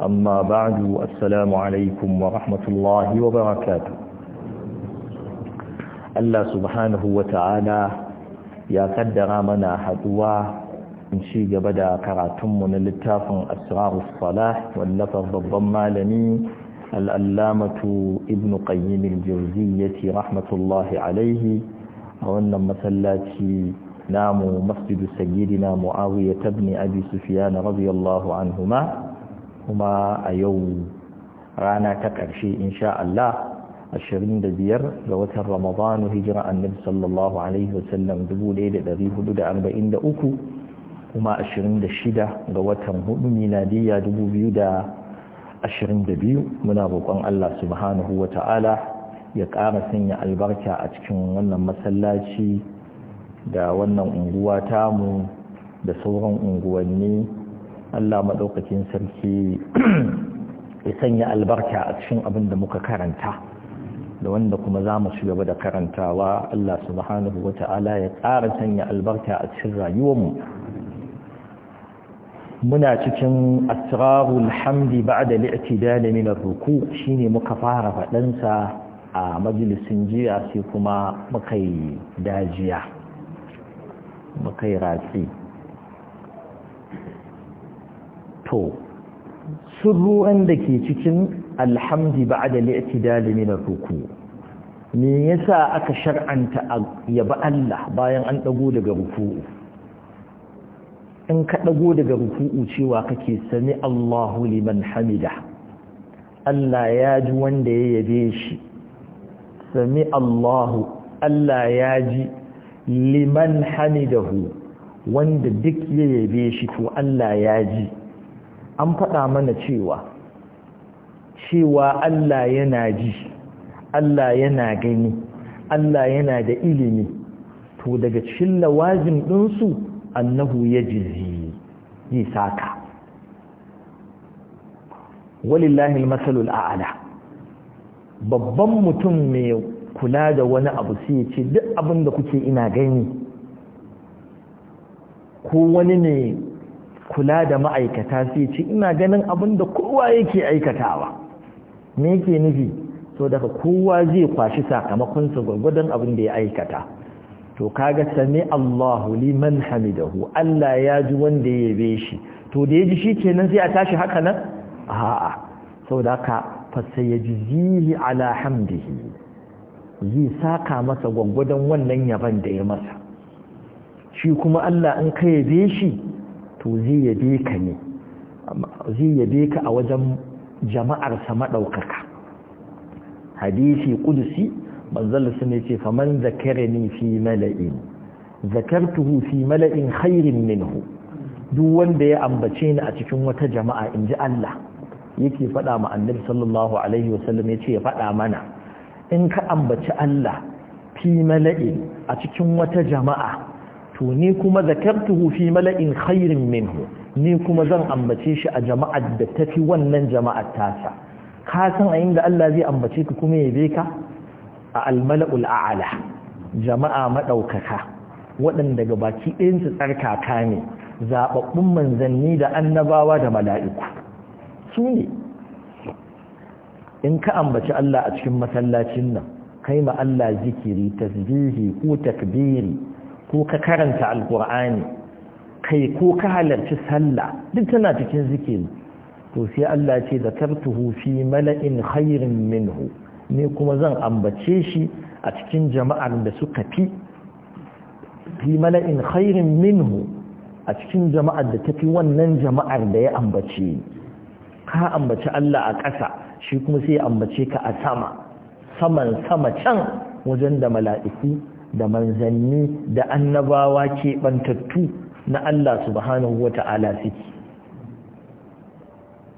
أما بعد السلام عليكم ورحمة الله وبركاته الله سبحانه وتعالى يا قدر منا حدوى إن شيء بدا كراتم من اللتاف أسرار الصلاح واللفظ الضمالني الألامة ابن قيم الجوزية رحمة الله عليه وأن مسلاتي نام مسجد سيدنا معاوية بن أبي سفيان رضي الله عنهما kuma a yau rana ta ƙarshe insha Allah 25 ga watan Ramadanu hijira annabi sallallahu alaihi wasallam 1443 kuma 26 ga watan hudu miladiyya 2022 muna roƙon Allah subhanahu wa ta'ala ya ƙara sanya albarka a cikin wannan masallaci da wannan unguwa tamu da sauran unguwanni Allah maɗaukacin sarki ya sanya albarka a cikin abin da muka karanta da wanda kuma za mu ci gaba da karantawa Allah subhanahu wa ta'ala ya ƙara sanya albarka a cikin rayuwarmu muna cikin asrarul hamdi ba'da da min ar-ruku shine muka fara faɗansa a majalisun jiya sai kuma muka yi dajiya muka yi ratsi to ruwan da ke cikin alhamdi ba da li'tidali min ruku me sa aka shar'anta yaba Allah bayan an ɗago daga ruku? in ka ɗago daga ruku'u cewa kake sami Allahu liman hamida Allah ya ji wanda ya yabe shi sami Allahu Allah ya ji liman hamidahu wanda duk ya yabe shi to Allah ya ji an faɗa mana cewa cewa Allah yana ji Allah yana gani Allah yana da ilimi to daga cikin lawazin ɗinsu annahu ya jizi yi saka walillahi almasalul a'la babban mutum mai kula da wani abu sai ya ce duk abin da kuke ina gani ko wani ne kula da ma'aikata sai ce ina ganin abin da kowa yake aikatawa me yake nufi so daga kowa zai kwashi sakamakonsa gwargwadon abin da ya aikata to kaga sami Allahu liman hamidahu Allah ya ji wanda ya yabe shi to da ya ji shi kenan sai a tashi haka nan a'a saboda ka fasayajzihi ala hamdihi zai saka masa gwangwadon wannan yaban da ya masa shi kuma Allah in ka yabe shi to zai yabe ka ne zai yabe ka a wajen jama'arsa maɗaukaka hadisi kudusi manzal su ne ce faman zakare ni fi mala'in zakartuhu fi mala'in khairin minhu duk wanda ya ambace ni a cikin wata jama'a in ji Allah yake faɗa ma annabi sallallahu alaihi wasallam ya ce ya faɗa mana in ka ambaci Allah fi mala'in a cikin wata jama'a to ni kuma zakartuhu fi mala'in khairin minhu ni kuma zan ambace shi a jama'ar da tafi wannan jama'ar tasa ka san a inda Allah zai ambace ka kuma yabe ka a almala'ul a'ala jama'a madaukaka waɗanda ga baki ɗayan su tsarkaka ne zababbun manzanni da annabawa da mala'iku su ne in ka ambaci Allah a cikin masallacin nan kai ma Allah zikiri tasbihi ko takbiri ko ka karanta alkur'ani kai ko ka halarci sallah duk tana cikin zikiri to sai Allah ce tartuhu fi mala'in khairin minhu ne kuma zan ambace shi a cikin jama'ar da suka fi fi mala'in khairin minhu a cikin jama'ar da tafi wannan jama'ar da ya ambace ka ambaci Allah a ƙasa shi kuma sai ya ambace ka a sama saman sama can wajen da mala'iku da manzanni da annabawa keɓantattu na Allah subhanahu wa ta'ala suke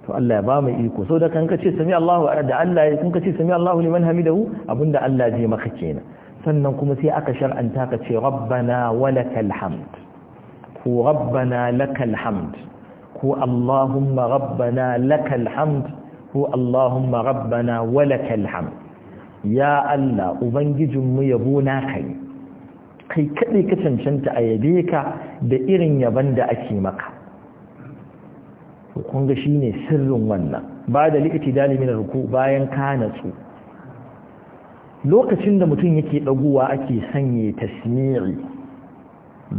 to Allah ya ba iko sau da kan kace sami Allahu da Allah ya kun sami Allahu liman hamidahu abinda Allah zai maka kenan sannan kuma sai aka shar'anta ka ce rabbana walakal hamd ko rabbana lakal hamd ko Allahumma rabbana lakal hamd ko Allahumma rabbana walakal hamd ya Allah ubangijinmu yabo na kai kai kaɗai ka cancanta a yabe ka da irin yaban da ake maka kun ga shine sirrin wannan ba da likiti dalimin ruku bayan ka natsu lokacin da mutum yake ɗaguwa ake sanye tasmiri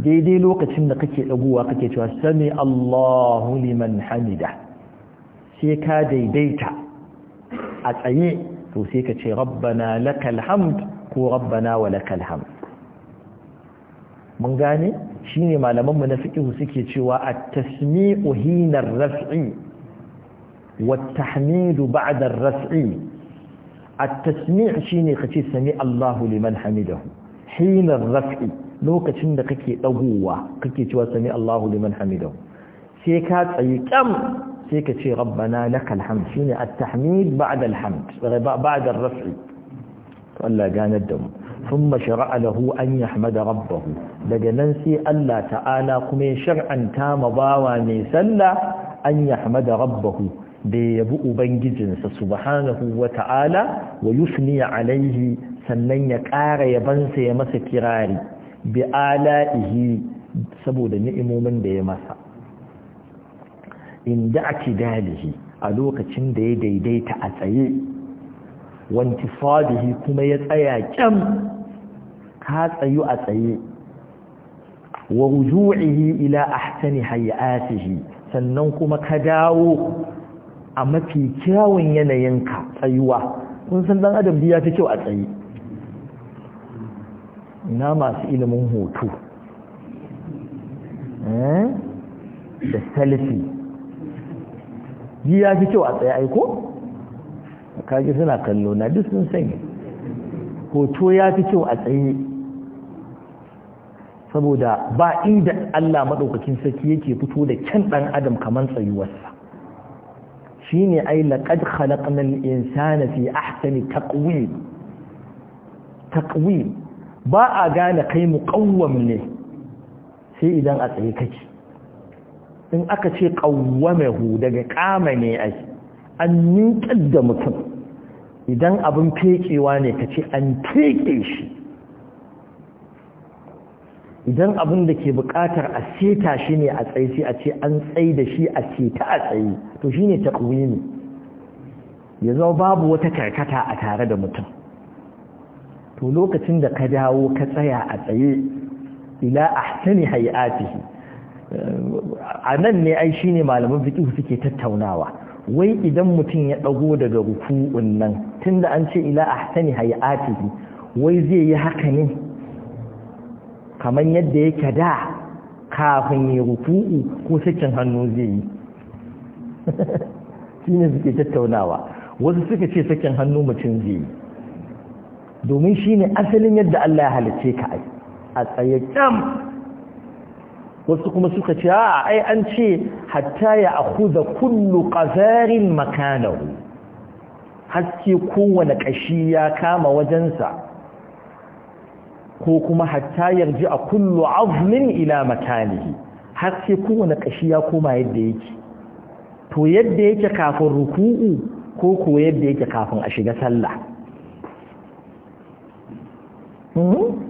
daidai lokacin da kake ɗaguwa kake cewa sami Allahu liman hamida sai ka daidaita a tsaye to sai ka ce rabbana lakal hamd ko rabbana wa lakal hamd mun gane ne malamanmu na fiqh suke cewa at-tasmi'u hina ar wa wat-tahmid ba'da ar-raf'i at-tasmi' shine kace sami Allahu liman hamidahu hina ar-raf'i lokacin da kake dagowa kake cewa sami Allahu liman hamidahu sai ka tsayi kam sai ka ce rabbana lakal hamd shine at-tahmid ba'da al-hamd ba'da ar-raf'i Allah ganar da mu ثم شرع له أن يحمد ربه لجننسي ألا تعالى كمي شرعا تام باوى ميسلا أن يحمد ربه بيبؤ بنجزنس سبحانه وتعالى ويثني عليه sannan ya ƙara yabansa ya masa kirari bi ala'ihi saboda ni'imomin da ya masa inda ake dalihi a lokacin da ya daidaita a tsaye wanti kuma ya tsaya kyam ta tsayu a tsaye wa ruju'ihi ila ahsani hay'atihi sannan kuma ka dawo a mafi kyawun yanayinka tsayuwa kun san dan adam ya ta kyau a tsaye ina masu ilimin hoto eh? da selfie ya ta kyau a tsaye aiko kaji suna kallo na duk sun sanya hoto ya fi kyau a tsaye saboda ba inda Allah maɗaukakin sarki yake fito da kyan ɗan adam kamar tsayuwarsa shi ne ai laƙad khalaƙanar insana fi ahsani taƙwim ba a gane kai mu ne sai idan a tsaye kake in aka ce ƙawwamahu daga ƙama ne ai an ninkar da mutum idan abin fekewa ne ka ce an feke shi idan abin da ke buƙatar a seta shi ne a tsaye sai a ce an tsaye da shi a seta a tsaye to shi ne ne. ya zama babu wata karkata a tare da mutum to lokacin da ka dawo ka tsaya a tsaye ila sani hay'atihi a nan ne ai shi ne malaman fiqh suke tattaunawa wai idan mutum ya ɗago daga ruku'un nan da an ce ila sani hay'atihi wai zai yi haka ne kamar yadda yake da kafin ya rufuu ko sakin hannu zai yi shi ne suke tattaunawa wasu suka ce sakin hannu mutum zai yi domin shi ne asalin yadda Allah ya halice ka a tsaye kyam wasu kuma suka ce a ai an ce hatta ya akuza kullu qazarin makanahu haske kowane kashi ya kama wajensa ko kuma hatta yarji a kullu azmin ila makanihi har sai kowane kashi ya koma yadda yake to yadda yake kafin ruku'u ko ko yadda yake kafin a shiga sallah hmm?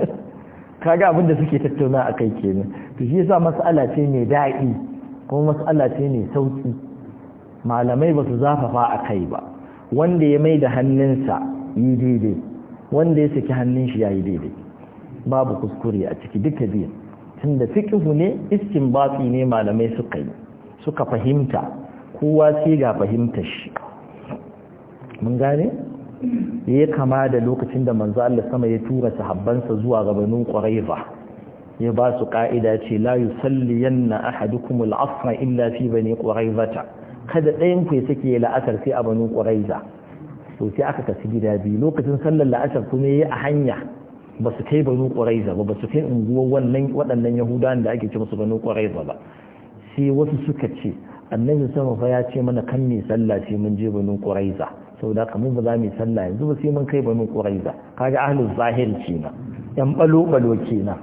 kaga abin da suke tattauna a kai kenan to shi yasa mas'ala ce mai daɗi kuma mas'ala ce mai sauki malamai ba su zafafa a kai ba wanda ya mai da hannunsa yi daidai wanda ya saki hannun shi ya yi daidai babu kuskure a ciki duka biyu tunda fiqhu ne iskin batsi ne malamai suka yi suka fahimta kowa sai ga fahimtar shi mun gane ya kama da lokacin da manzo Allah sama ya tura sahabbansa zuwa gabanin Quraiza ya ba su ka'ida ce la yanna ahadukum al-asr illa fi bani Quraizata kada ɗayan ku ya sake la'asar sai a banu Quraiza to sai aka kasu gida biyu lokacin sallar la'asar kuma yi a hanya ba su kai banu ƙwaraiza ba ba su kai unguwar wannan waɗannan yahudawan da ake ce musu banu ƙwaraiza ba sai wasu suka ce annabi sama fa ya ce mana kan mai sallah sai mun je banu ƙwaraiza saboda kamar ba za mu sallah yanzu ba sai mun kai banu ƙwaraiza kaga ahlul zahir kenan yan balo balo kenan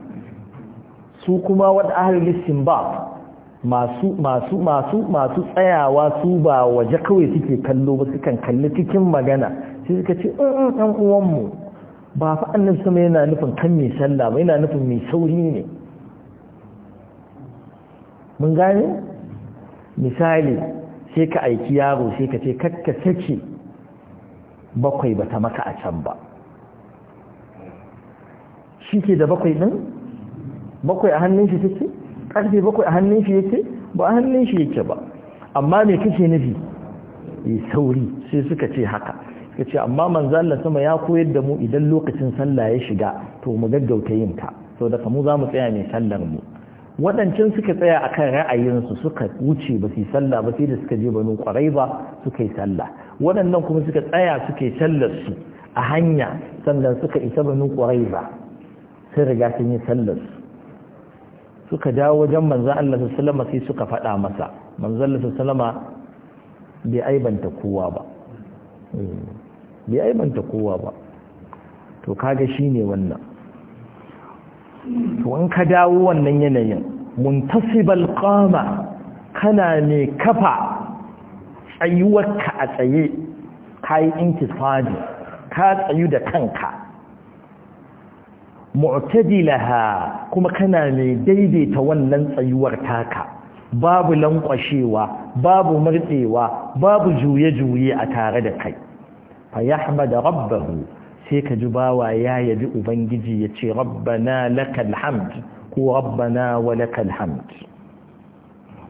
su kuma wata ahlul istinbab masu masu masu masu tsayawa su ba waje kawai suke kallo ba sukan kalli cikin magana sai suka ce in mm, ɗan mm, uwanmu ba fa sama yana nufin kan mai sallah ba yana nufin mai sauri ne mun gane misali sai ka aiki yaro sai ka ce kakka sake bakwai ba maka a can ba shi ke da bakwai ɗin bakwai a hannun shi take karfe bakwai a hannun shi yake ba a hannun shi yake ba amma mai kake nufi yi eh, sauri sai suka ce haka suka ce amma manzan sama ya koyar da mu idan lokacin sallah ya shiga to mu gaggauta yin ta so da kamu za mu tsaya mai sallar mu waɗancan suka tsaya a kan ra'ayinsu suka wuce ba su yi sallah ba sai da suka je banu ƙwarai ba suka yi sallah waɗannan kuma suka tsaya suka yi sallar su a hanya sannan suka isa banu ƙwarai ba sai riga sun yi sallar su suka dawo wajen manzan Allah sallama sai suka faɗa masa manzan Allah sallama bai aibanta kowa ba bai aibanta kowa ba to kaga shine wannan to in ka dawo wannan yanayin muntasibal qama kana ne kafa tsayuwarka a tsaye kai intifadi ka tsayu da kanka mutadilaha kuma kana mai daidaita wannan tsayuwar taka babu lankwashewa babu murtsewa babu juye-juye a tare da kai fa yahmada rabbahu sai ka ji bawa ya yabi ubangiji ya ce rabbana lakal hamd ko rabbana wa lakal hamd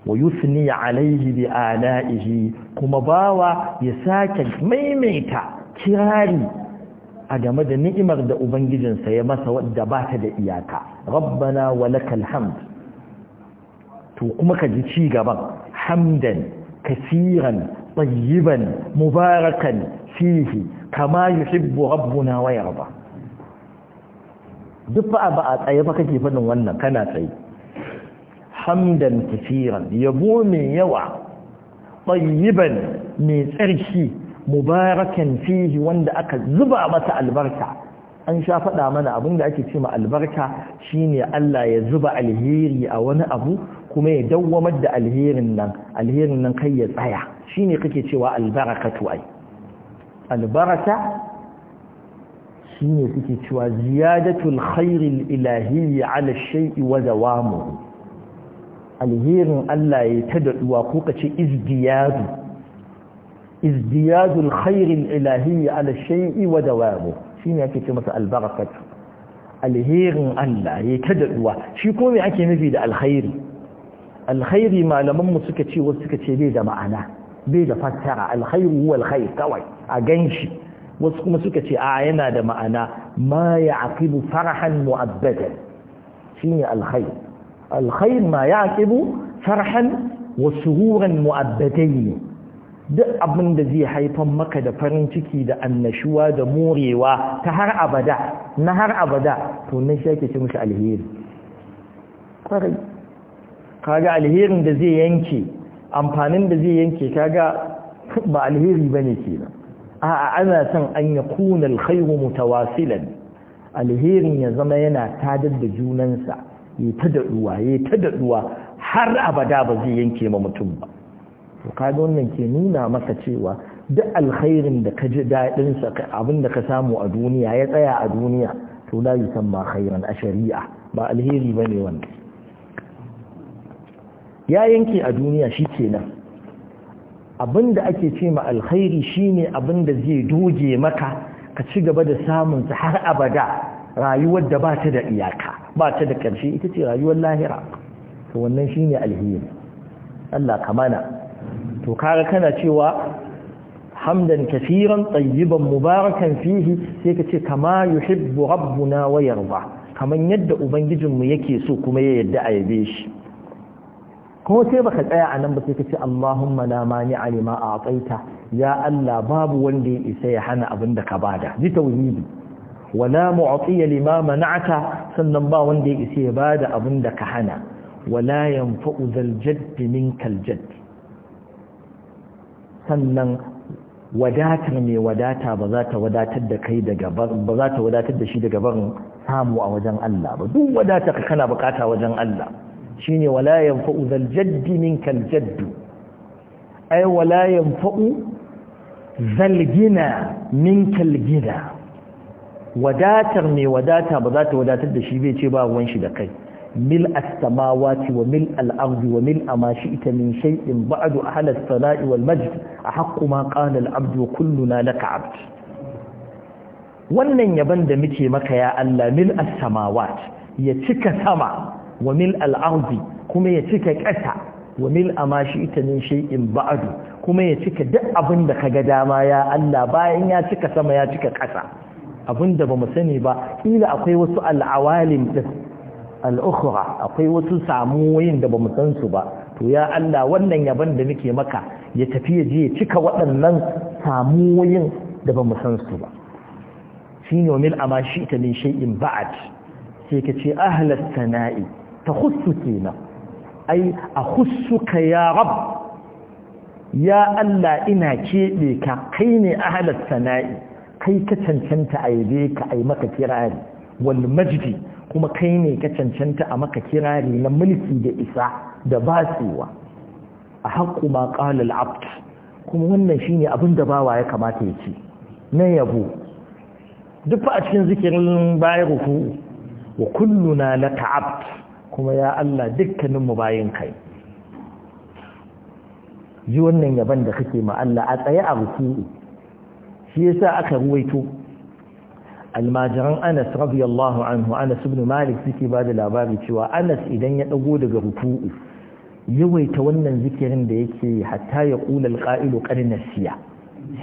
wa yusni alaihi bi ala'ihi kuma bawa ya sake maimaita kirari a game da ni'imar da ubangijinsa ya masa wadda ba ta da iyaka rabbana wa lakal hamd to kuma ka ji ci gaban hamdan kasiran tayyiban mubarakan fihi kama yuhibbu rabbuna wayar ba. duk ba a tsaye ba kake fadin wannan kana tsaye hamdan kasiran yabo mai yawa tayyiban mai tsarki mubarakan fihi wanda aka zuba masa albarka an sha faɗa mana abin da ake ce ma albarka shine Allah ya zuba alheri a wani abu kuma ya dawwamar da alherin nan alherin nan kai ya tsaya shine kake cewa albarakatu ai albaraka shine kake cewa ziyadatul khairil ilahiyyi ala shay'i wa alherin Allah ya ta daɗuwa ko kace izdiyadu ازدياد الخير الالهي على الشيء ودوامه شنو يعني كلمه البركه الهير الله يكدوا شي كوم يعني نفي الخير الخير ما لم مسك شيء وسك شيء ليه معنا بيد فكر الخير هو الخير كوي اغنشي وسك مسك شيء اه yana ما يعقب فرحا مؤبدا شنو الخير الخير ما يعقب فرحا وسرورا مؤبدين duk abin da zai haifan maka da farin ciki da annashuwa da morewa ta har abada na har abada to nan shi ce mishi alheri kwarai kaga alherin da zai yanke amfanin da zai yanke kaga ba alheri bane kenan a'a ana son an yakuna alkhairu mutawasilan alherin ya zama yana tadar da junansa ya ta ya ta daduwa har abada ba zai yanke ma mutum ba to kaga wannan ke nuna maka cewa duk alkhairin da ka ji daɗin sa abin da ka samu a duniya ya tsaya a duniya to la yusamma khairan a shari'a ba alheri bane wannan ya yanke a duniya shi kenan abin da ake ce ma alkhairi shine abin da zai doge maka ka ci gaba da samun sa har abada rayuwar da ba ta da iyaka ba ta da ƙarshe ita ce rayuwar lahira to wannan shine alheri Allah kamana to kaga kana cewa hamdan kafiran tayyiban mubarakan fihi sai ka ce kama yuhibbu rabbuna wa yarda kaman yadda ubangijinmu yake so kuma ya yadda a yabe shi ko sai baka tsaya a nan ba sai ka ce Allahumma la alima a a'taita ya Allah babu wanda ya isa ya hana abin da ka bada ji tauhidi wala mu'tiya lima mana'ata sannan ba wanda ya isa ya bada abin da ka hana wala yanfa'u zal jadd minkal sannan wadatar mai wadata ba za ta wadatar da kai daga ba za ta wadatar da shi daga barin samu a wajen Allah ba duk wadata ka kana bukata wajen Allah shine wala yanfa'u zal jaddi minkal jaddu ay wala yanfa'u zal gina minkal gina wadatar mai wadata ba za ta wadatar da shi bai ce ba ruwan shi da kai mil as-samawati wa mil al-ardi wa mil amashi ita min shay'in ba'du a as-sana'i wal majd ahqqu ma qala al-abdu kulluna laka 'abd wannan yaban da muke maka ya Allah mil as-samawati ya cika sama wa mil al-ardi kuma ya cika ƙasa wa mil amashi ita min shay'in ba'du kuma ya cika duk abin da kaga dama ya Allah bayan ya cika sama ya cika ƙasa abinda bamu sani ba kila akwai wasu al'awalim din Al'ukura akwai wasu samuwoyin da ba mu san su ba to ya Allah wannan yaban da nake maka ya tafi ya je ya cika waɗannan samuwoyin da ba mu san su ba shine wamil amma shi ta min shay'in ba'd sai ka ce ahlas sana'i takhussu kenan? ai akhussuka ya rab ya Allah ina keɓe ka kai ne ahlas sana'i kai ka cancanta a ka ai maka kirari wal majdi kuma kai ne ka cancanta a maka kirari na mulki da isa da batsewa a haƙƙu ma ƙalil Abdu. kuma wannan shine abin da bawa ya kamata ya ce na yabo duk a cikin zikirin bayan ruku wa kulluna laka Abdu. kuma ya Allah dukkaninmu bayan kai ji wannan yaban da kake ma Allah a tsaye a ruku shi yasa aka ruwaito almajiran anas radiyallahu anhu anas ibn malik suke ba da labari cewa anas idan ya dago daga ruku'u yawaita wannan zikirin da yake hatta ya qulal alqa'il qad nasiya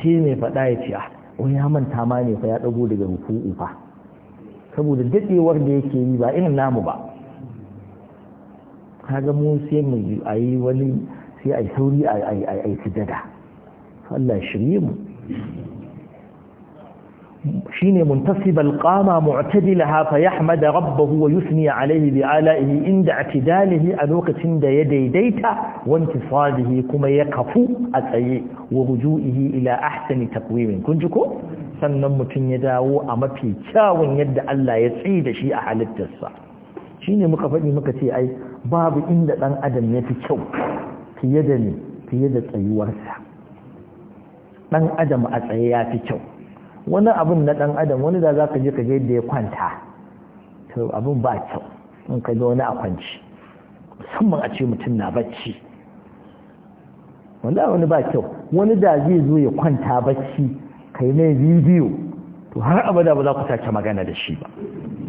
shi ne fada ya ce ah wani ya manta ma ne fa ya dago daga ruku'u fa saboda dadewar da yake yi ba irin namu ba kaga mu sai mu ayi wani sai ai sauri ai ai ai sujada Allah shirye mu shine muntasib alqama mu'tadilaha fa yahmada rabbahu wa yusni alayhi bi ala'ihi inda atidalihi a lokacin da ya daidaita wanti sadihi kuma ya kafu a tsaye wa rujuihi ila ahsani taqwimin kun ji ko sannan mutum ya dawo a mafi kyawun yadda Allah ya tsi da shi a halittarsa shine muka faɗi muka ce ai babu inda dan adam ya fi kyau fiye da tsayuwarsa dan adam a tsaye ya fi kyau wani abin na ɗan adam wani da za ka je ka je da ya kwanta to abin ba kyau in ka wani a kwanci musamman a ce mutum na bacci wanda wani ba kyau wani da zai zo ya kwanta bacci ka yi mai bidiyo to har abada ba za ku sake magana da shi ba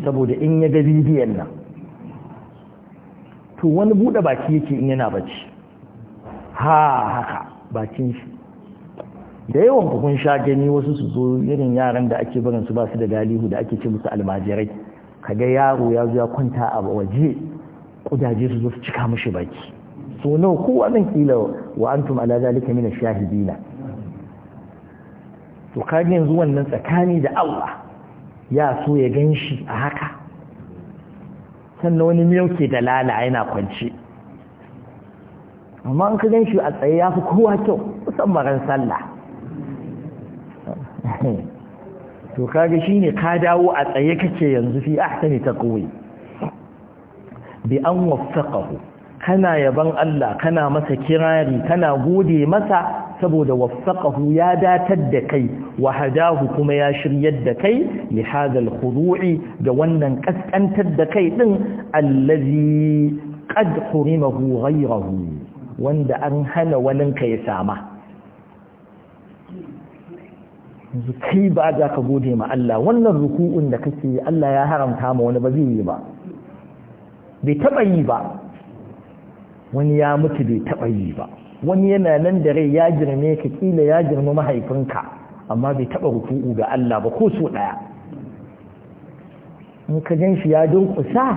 saboda in ya ga bidiyon nan to wani buɗe baki yake in yana bacci ha haka bakin shi da yawan kukun kun sha gani wasu su zo irin yaran da ake barin su ba su da galihu da ake ce musu almajirai kaga yaro ya zo ya kwanta a waje kudaje su zo su cika mishi baki so nawa kowa zan kila wa antum ala zalika min ash-shahidina to kaga yanzu wannan tsakani da Allah ya so ya ganshi a haka sannan wani miyauke da lala yana kwance amma an ka gan shi a tsaye ya fi kowa kyau musamman ran sallah to kaga shine ka dawo a tsaye kake yanzu fi ahsani taqwi bi an waffaqahu kana yaban Allah kana masa kirari kana gode masa saboda waffaqahu ya datar da kai wa hadahu kuma ya shiryar da kai li hadha al-khudu'i da wannan kaskantar da kai din allazi qad hurimahu ghayrahu wanda an hana walinka ya sama kai ba za ka gode ma Allah wannan ruku'un da kake yi Allah ya haramta ma wani ba zai yi ba bai taba yi ba wani ya mutu bai taba yi ba wani yana nan da rai ya girme ka kila ya girma mahaifinka amma bai taba ruku'u ga Allah ba ko so daya in ka gan shi ya dunkusa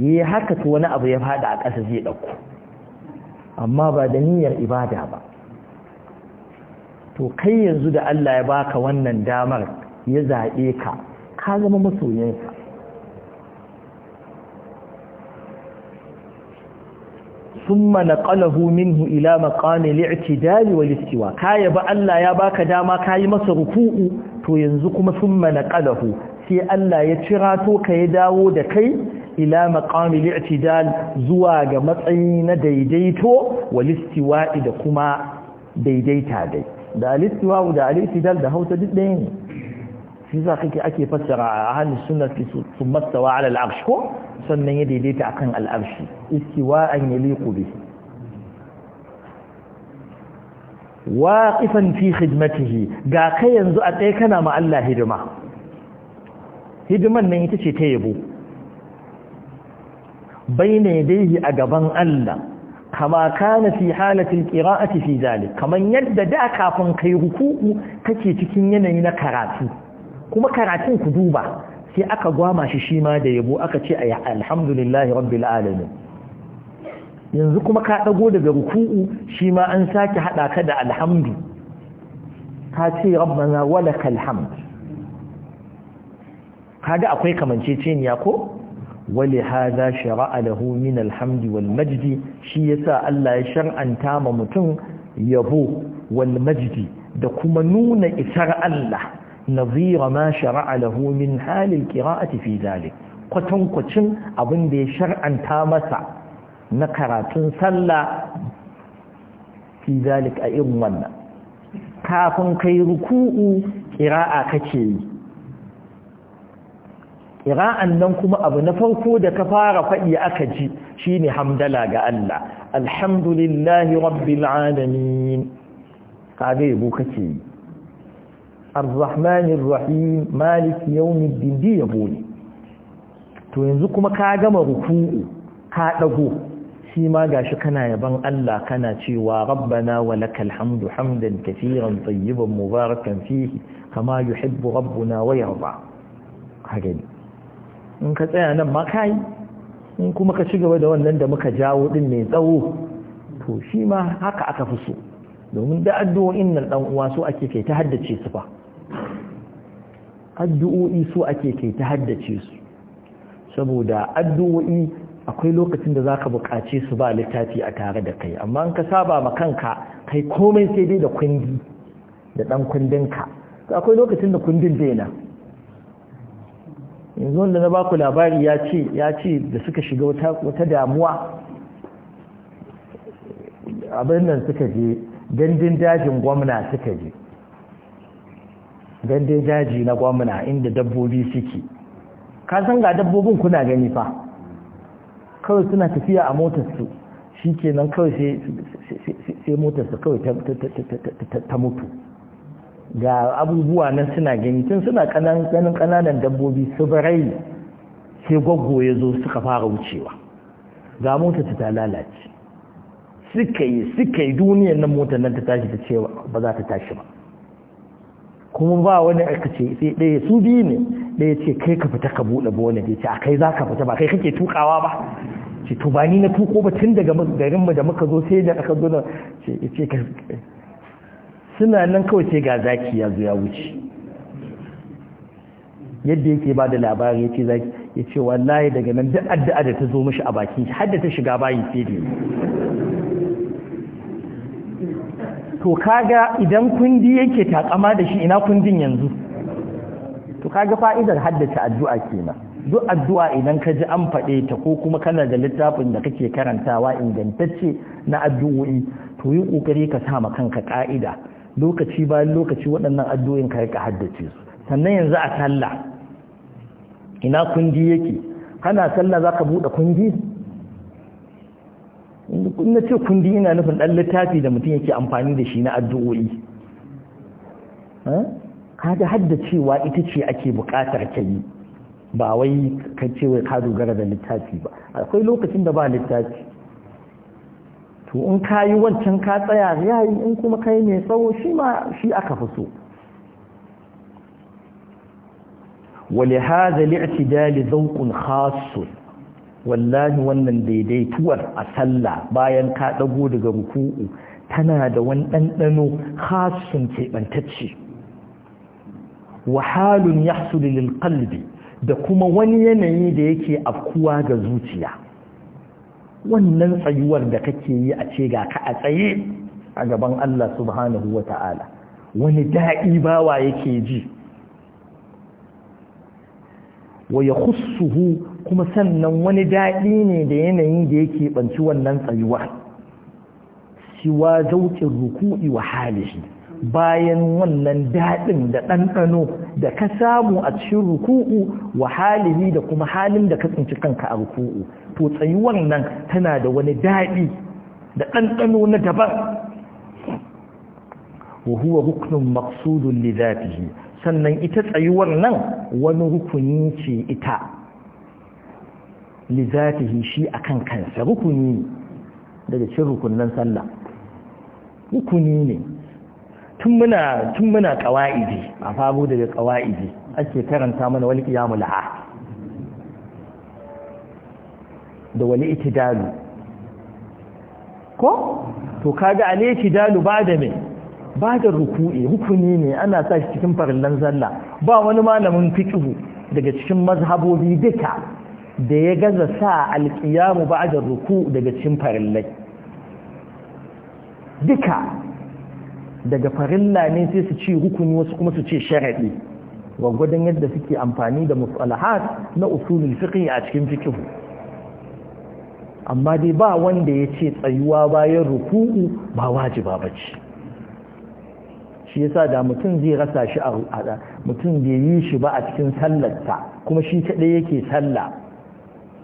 yi haka to wani abu ya fada a ƙasa zai ɗauko amma ba da niyyar ibada ba to kai yanzu da Allah ya baka wannan damar ya zaɓe ka ka zama masoyinsa ثم نقله منه إلى مقام الاعتدال والاستواء كاي با الله يا باك داما كاي masa ruku'u to yanzu kuma mana naqalahu sai Allah ya cira ka ya dawo da kai ila maqam al-i'tidal zuwa ga matsayi na daidaito wal istiwa'i da kuma daidaita dai da alistiwa da alistidal da hausa duk ɗaya ne shi za ka kake ake fassara a hannun suna su matsawa ala al'arshi ko sannan ya daidaita a kan al'arshi istiwa an yi liku bi waƙifan fi hidimatihi ga kai yanzu a tsaye kana ma Allah hidima hidiman nan ita ce ta yabo bai ne daihi a gaban Allah kama kana fi halatil qira'ati fi zalik kaman yadda da kafin kai ruku'u kake cikin yanayi na karatu kuma karatun ku duba sai aka gwama shi shi ma da yabo aka ce ayi alhamdulillahi rabbil alamin yanzu kuma ka dago daga ruku'u shi ma an sake hada ka da alhamdu ka ce rabbana walakal hamd kaga akwai kamanceceniya ko wale haza shara'a da alhamdi walmajidi shi yasa Allah ya shar'anta ma mutum yabo walmajidi da kuma nuna isar Allah na zira ma shara'a da hunin halin kira'ati fi zalik kwatankwacin abin da ya shar'anta masa na karatun sallah fi zalik a irin wannan kafin kai ruku'u kira'a kake yi ƙira'an nan kuma abu na farko da ka fara faɗi aka ji shi ne hamdala ga Allah alhamdulillahi rabbil alamin kaga yabo kake yi arrahmanir rahim malik yawmid di yabo ne to yanzu kuma ka gama ruku'u ka dago shi ma gashi kana yaban Allah kana cewa rabbana walakal hamdu hamdan katiran tayyiban mubarakan fihi kama yuhibbu rabbuna wa yarda hagani. in ka tsaya nan ma in kuma ka ci gaba da wannan da muka jawo din mai tsawo to shi ma haka aka fi so domin da addu'o'in nan dan uwa so ake kai ta haddace su fa addu'o'i so ake kai ta haddace su saboda addu'o'i akwai lokacin da zaka buƙace su ba littafi a tare da kai amma in ka saba ma kanka kai komai sai dai da kundi da dan kundinka akwai lokacin da kundin daina yanzu wanda na baku labari ya ce ya ce da suka shiga wata damuwa abin nan suka je gandun dajin gwamna suka je gandun daji na gwamna inda dabbobi suke ka san ga dabbobin kuna gani fa kawai suna tafiya a motarsu shi kenan kawai sai motarsu kawai ta mutu ga abubuwa nan suna gani tun suna ganin kananan dabbobi su barai sai gwaggo ya zo suka fara wucewa ga mota ta lalace suka yi suka yi duniyar nan mota nan ta tashi ta ce ba za ta tashi ba kuma ba wani aka ce sai ɗaya su biyu ne ɗaya ce kai ka fita ka buɗe bonet ya ce a za ka fita ba kai kake tukawa ba ce to ba ni na tuko ba tun daga garinmu da muka zo sai da aka zo na ce suna nan kawai sai ga zaki ya zo ya wuce yadda yake ba da labari yake ce zaki ya ce wallahi daga nan duk addu'a da ta zo mishi a baki har da ta shiga bayi sai da to kaga idan kundi yake takama da shi ina kundin yanzu to kaga fa'idar haddace addu'a kenan duk addu'a idan ka ji an faɗe ta ko kuma kana da littafin da kake karantawa ingantacce na addu'o'i to yi ƙoƙari ka sa ma kanka ƙa'ida lokaci bayan lokaci waɗannan addu'in ka ka haddace su sannan yanzu a sallah ina kungi yake kana sallah ka buɗe kungi na ce kundi ina nufin ɗan littafi da mutum yake amfani da shi na addu'o'i kada haddacewa ita ce ake buƙatar ka yi ba wai ka ce wai ka dogara da littafi ba akwai lokacin da ba littafi to in ka yi wancan ka tsaya ya yi in kuma ka yi mai tsawo shi ma shi aka fi so wale haza dali zaukun hasu wallahi wannan daidaituwar a sallah bayan ka ɗago daga ruku'u tana da wani ɗanɗano Hasun keɓantacce wahalun yahsul kalbi, da kuma wani yanayi da yake afkuwa ga zuciya wannan tsayuwar da kake yi a ce ga ka a tsaye a gaban Allah subhanahu wa ta'ala wani daɗi bawa yake ji wa ya kusuhu kuma sannan wani daɗi ne da yanayin da yake ɓanci wannan tsayuwar siwa zauƙin ruku'i wa halishi bayan wannan daɗin da ɗanɗano da ka samu a cikin ruku'u wa halihi da kuma halin da ka tsinci kanka a ruku'u to tsayuwar nan tana da wani daɗi da ɗanɗano na daban wa huwa ruknun maqsudun li sannan ita tsayuwar nan wani rukuni ce ita li shi shi akan kansa rukuni daga cikin rukunnan sallah rukuni ne tun muna tun muna qawaidi a fago daga qawaidi ake karanta mana wal qiyamul la'a? da wal itidalu ko to kaga al itidalu ba da me ba da ruku'i rukuni ne ana sa shi cikin farillan zalla ba wani malamin fiqhu daga cikin mazhabobi duka da ya gaza sa alƙiyamu ba da ruku daga cikin farillai duka daga farilla ne sai su ci rukuni wasu kuma su ce sharaɗi gwaggwadon yadda suke amfani da musalahat na usulul fiqh a cikin fiqh amma dai ba wanda ya ce tsayuwa bayan ruku'u ba wajiba bace shi ya sa da mutum zai rasa shi a mutum bai yi shi ba a cikin sallarta kuma shi kaɗai yake sallah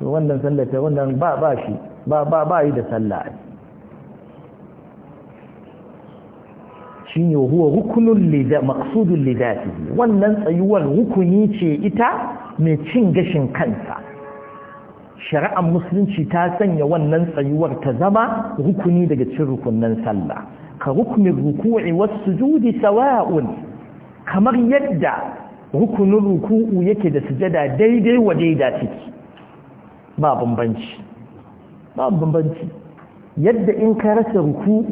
wannan sallarta wannan ba ba shi ba ba yi da sallah shine huwa rukunin lida maqsudul lidati wannan tsayuwar rukuni ce ita mai cin gashin kansa shari'ar musulunci ta sanya wannan tsayuwar ta zama rukuni daga cikin rukunnan sallah ka rukunin ruku'i was-sujudi sawa'un kamar yadda rukunin ruku'u yake da sujada daidai wa daidai ciki ba bambanci ba bambanci yadda in ka rasa ruku'u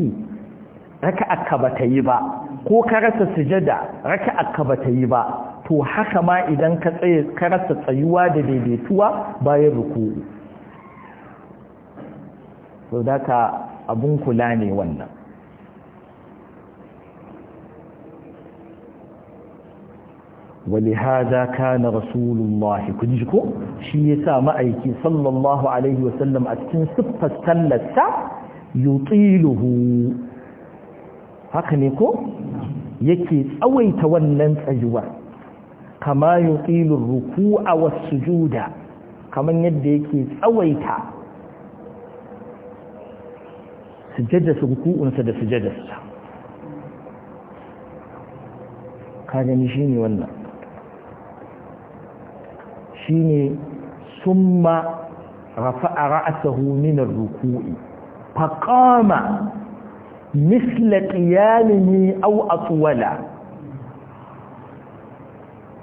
raka'a ka bata yi ba ko ka rasa sujada raka'a ka bata yi ba to haka ma idan ka tsaye ka rasa tsayuwa da daidaituwa bayan ruku'u so daka abun kula ne wannan ولهذا كان رسول الله كنجكو شي يسا مأيكي صلى الله عليه وسلم أتكن صفة سلسة يطيله haka ne ko yake tsawaita wannan tsayuwar kama ruku ruku'a wasu juda, kaman yadda yake tsawaita sujjada su ruku'unsa da su sujjadarsa ka gani ne wannan Shi sun summa rafa a ra'asa ar-ruku'i faƙama misla qiyamini aw atwala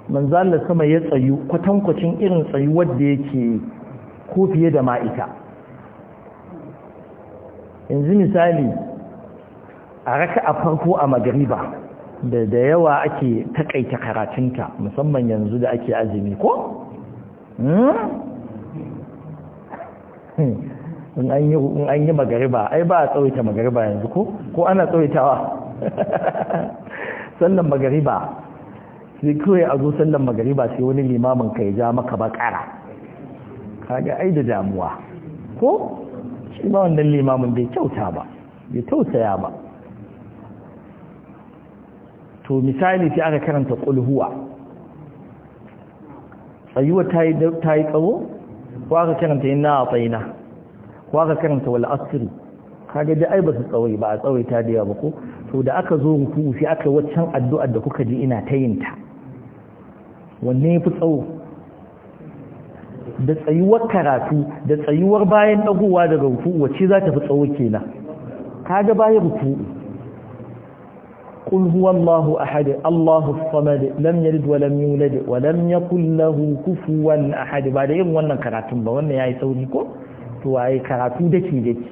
manzo Allah sama ya tsayu kwatankwacin irin tsayuwar da yake ko fiye da ma ita. yanzu misali a raka a farko a magariba da da yawa ake takaita karatunta musamman yanzu da ake azumi ko? Hmm? Hmm. in an yi in an yi magariba ai ba a tsawaita magariba yanzu ko ko ana tsawaitawa sallan magariba sai kawai a zo sallan magariba sai wani limamin ka ya ja maka bakara kaga ai da damuwa ko shi ba wannan limamin bai kyauta ba bai tausaya ba to misali sai aka karanta kulhuwa tsayuwa ta yi tsawo ko aka karanta yin na a tsayina ko karanta wala asri kaga dai ai ba su tsawai ba a ta da ba ko to da aka zo ku sai aka waccan addu'a da kuka ji ina ta wanne ta fi tsawo da tsayuwar karatu da tsayuwar bayan dagowa daga ruku wacce za ta fi tsawo kenan kaga baya ruku قل هو الله أحد الله الصمد لم يلد ولم يولد ولم يكن له كفوا أحد بعد إذن وانا كراتم بوانا يا سوني كو waye karatu dake dake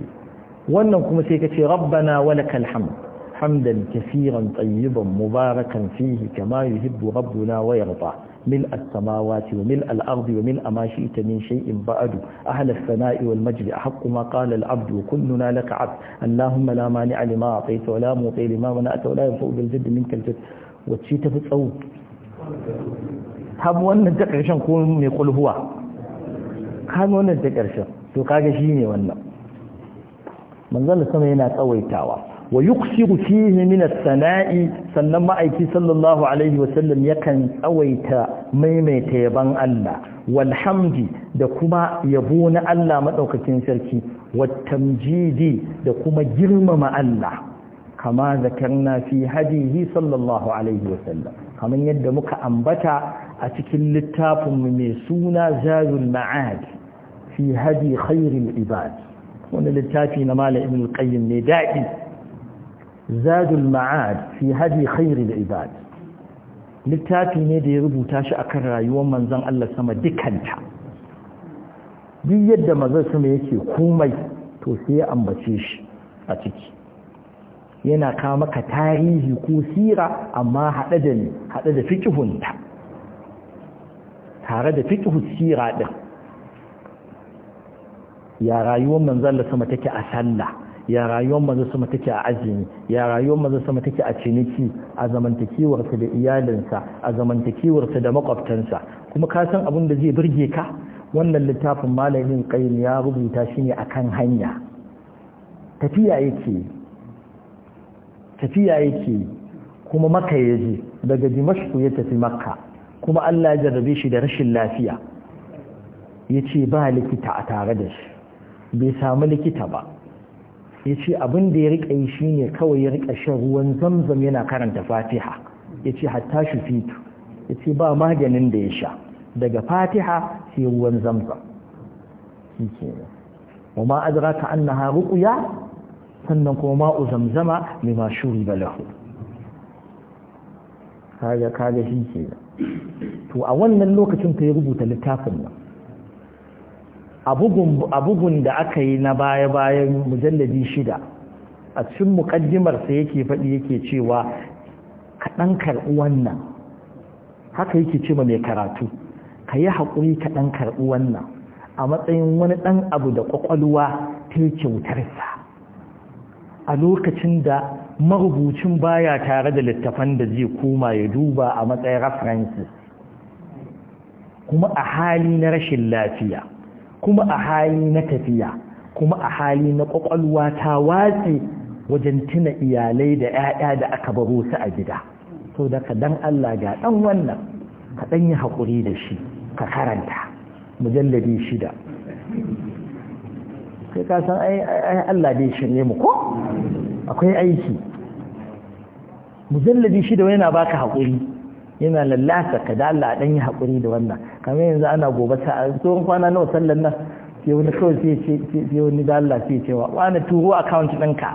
wannan kuma sai kace rabbana walakal hamd hamdan kaseeran tayyiban mubarakan fihi kama yuhibbu rabbuna wa yarda mil as-samawati wa mil al wa mil amashi ta min shay'in ba'du ahla as-sana'i wal majd ahqqu ma qala al-abdu kulluna lak 'abd allahumma la mani'a lima a'tayta wa la mu'ti lima mana'ta wa la yanfu bil jadd minka al-jadd wa chi ta fi tsawu tabu wannan ta karshen ko me kulhuwa kan wannan ta karshen to kaga shine wannan manzon sama yana tsawaitawa wa yuksiru fihi min as-sana'i sannan ma'aiki sallallahu alaihi wa sallam yakan tsawaita maimaita yaban Allah walhamdi da kuma yabo na Allah madaukakin sarki wattamjidi da kuma girmama Allah kama zakarna fi hadihi sallallahu alaihi wa sallam kaman yadda muka ambata a cikin littafin mai suna Zadul Ma'ad fi hadi khairil ibad wani littafi na malam ibn al-qayyim ne daɗi zadul ma'ad fi hadi khairil ibad littafi ne da ya rubuta shi akan rayuwar manzon Allah sama dukanta duk yadda manzon sama yake komai to sai ya ambace shi a ciki yana kawo maka tarihi ko sira amma haɗe da ne da fiƙihunta tare da sira ɗin ya rayuwar manzan da sama take a sallah ya rayuwar da sama take a azumi ya rayuwar da sama take a ciniki a zamantakewarsa da iyalinsa a zamantakewarsa da makwabtansa kuma ka san abin da zai burge ka wannan littafin malamin qayyim ya rubuta shi ne akan hanya tafiya yake tafiya yake kuma maka yaje daga dimashku ya tafi makka kuma Allah ya jarrabe shi da rashin lafiya yace ba likita a tare da shi bai samu likita ba ya ce abin da ya riƙa yi shi ne kawai ya riƙa shan ruwan zamzam yana karanta fatiha ya ce hatta shi fitu ya ce ba maganin da ya sha daga fatiha sai ruwan zamzam shi ke ne wa ma adraka annaha ruqya sannan kuma ma'u zamzama lima shuriba lahu kaga kaga shi ke to a wannan lokacin ka ya rubuta littafin nan a bugun da aka yi na baya-bayan mujalladi shida a cikin mukaddimarsa yake faɗi yake cewa kaɗan karɓi wannan haka yake ce mai karatu ka yi haƙuri kaɗan karɓi wannan a matsayin wani ɗan abu da ƙwaƙwalwa ta yi kyautarsa a lokacin da marubucin baya tare da littafan da zai koma ya duba a matsayin references kuma a hali na rashin lafiya kuma a hali na tafiya kuma a hali na kwakwalwa ta watse wajen tuna iyalai da 'ya'ya da aka baro su a gida so da ka dan Allah ga dan wannan ka dan yi haƙuri da shi ka karanta mujalladi shida sai ka san ai Allah bai shirye mu ko akwai aiki mujalladi shida yana baka haƙuri yana lallata ka da Allah dan yi hakuri da wannan kamar yanzu ana gobe ta a tsohon kwana nawa sallan nan sai wani kawai sai ce sai wani da Allah sai cewa wani turo account ɗinka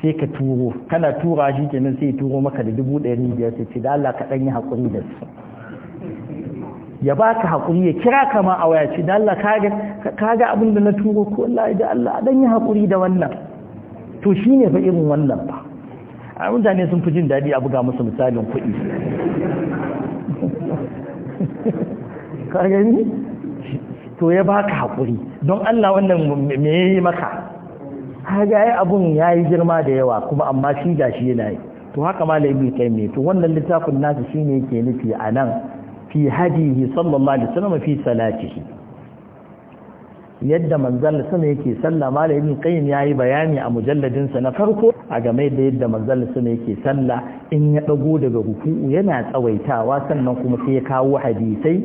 sai ka turo kana tura shi kenan sai turo maka da dubu ɗari biyar sai ce da Allah ka dan yi hakuri da su ya baka hakuri ya kira ka ma a waya ce da Allah ka ga abin da na turo ko Allah da Allah dan yi hakuri da wannan to shine fa irin wannan ba a mutane sun fi jin daɗi a buga musu misalin kuɗi ka gani to ya baka hakuri don Allah wannan me yayi maka kaga yayi abun yayi girma da yawa kuma amma shi gashi yana yi to haka malami kai me to wannan littafin nasu shine yake nufi anan fi hadihi sallallahu alaihi wasallam fi salatihi yadda manzal sama yake sallah malamin ya yayi bayani a mujalladin na farko a game da yadda manzal sama yake sallah in ya dago daga ruku'u yana tsawaitawa sannan kuma sai ya kawo hadisai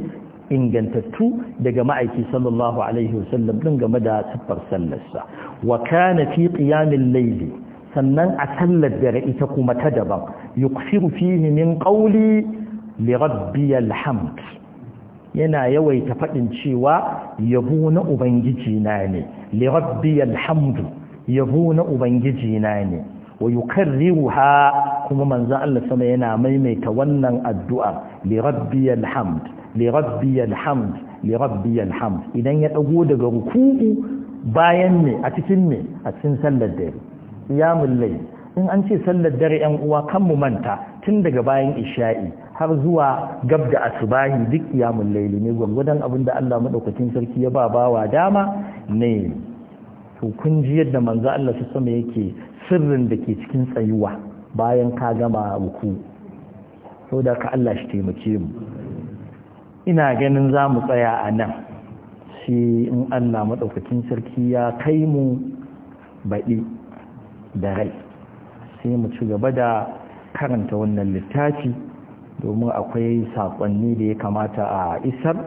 ingantattu daga ma'aiki sallallahu alaihi wasallam din game da siffar sallarsa wa kana fi qiyamil layl sannan a sallar dare ita kuma ta daban yukfiru fihi min qawli li rabbiyal hamd yana yawaita faɗin cewa yabu na ubangiji na ne li rabbi alhamdu yabo na ubangiji na ne wa ruha kuma manzon Allah sama yana maimaita wannan addu'a li rabbi lirabbi li rabbi alhamdu idan ya dago daga ruku'u bayan ne a cikin ne a cikin sallar dare ya layl in an ce sallar dare yan uwa kan mu manta tun daga bayan isha'i har zuwa gab da asubahi duk iyamun laili ne gwangwadon abin da Allah maɗaukacin sarki ya ba bawa dama ne to kun ji yadda manzo Allah su sama yake sirrin da ke cikin tsayuwa bayan ka gama ruku so da ka Allah shi taimake mu ina ganin za mu tsaya a nan shi in Allah maɗaukacin sarki ya kai mu baɗi da rai sai mu ci gaba da karanta wannan littafi domin akwai saƙonni da ya kamata a isar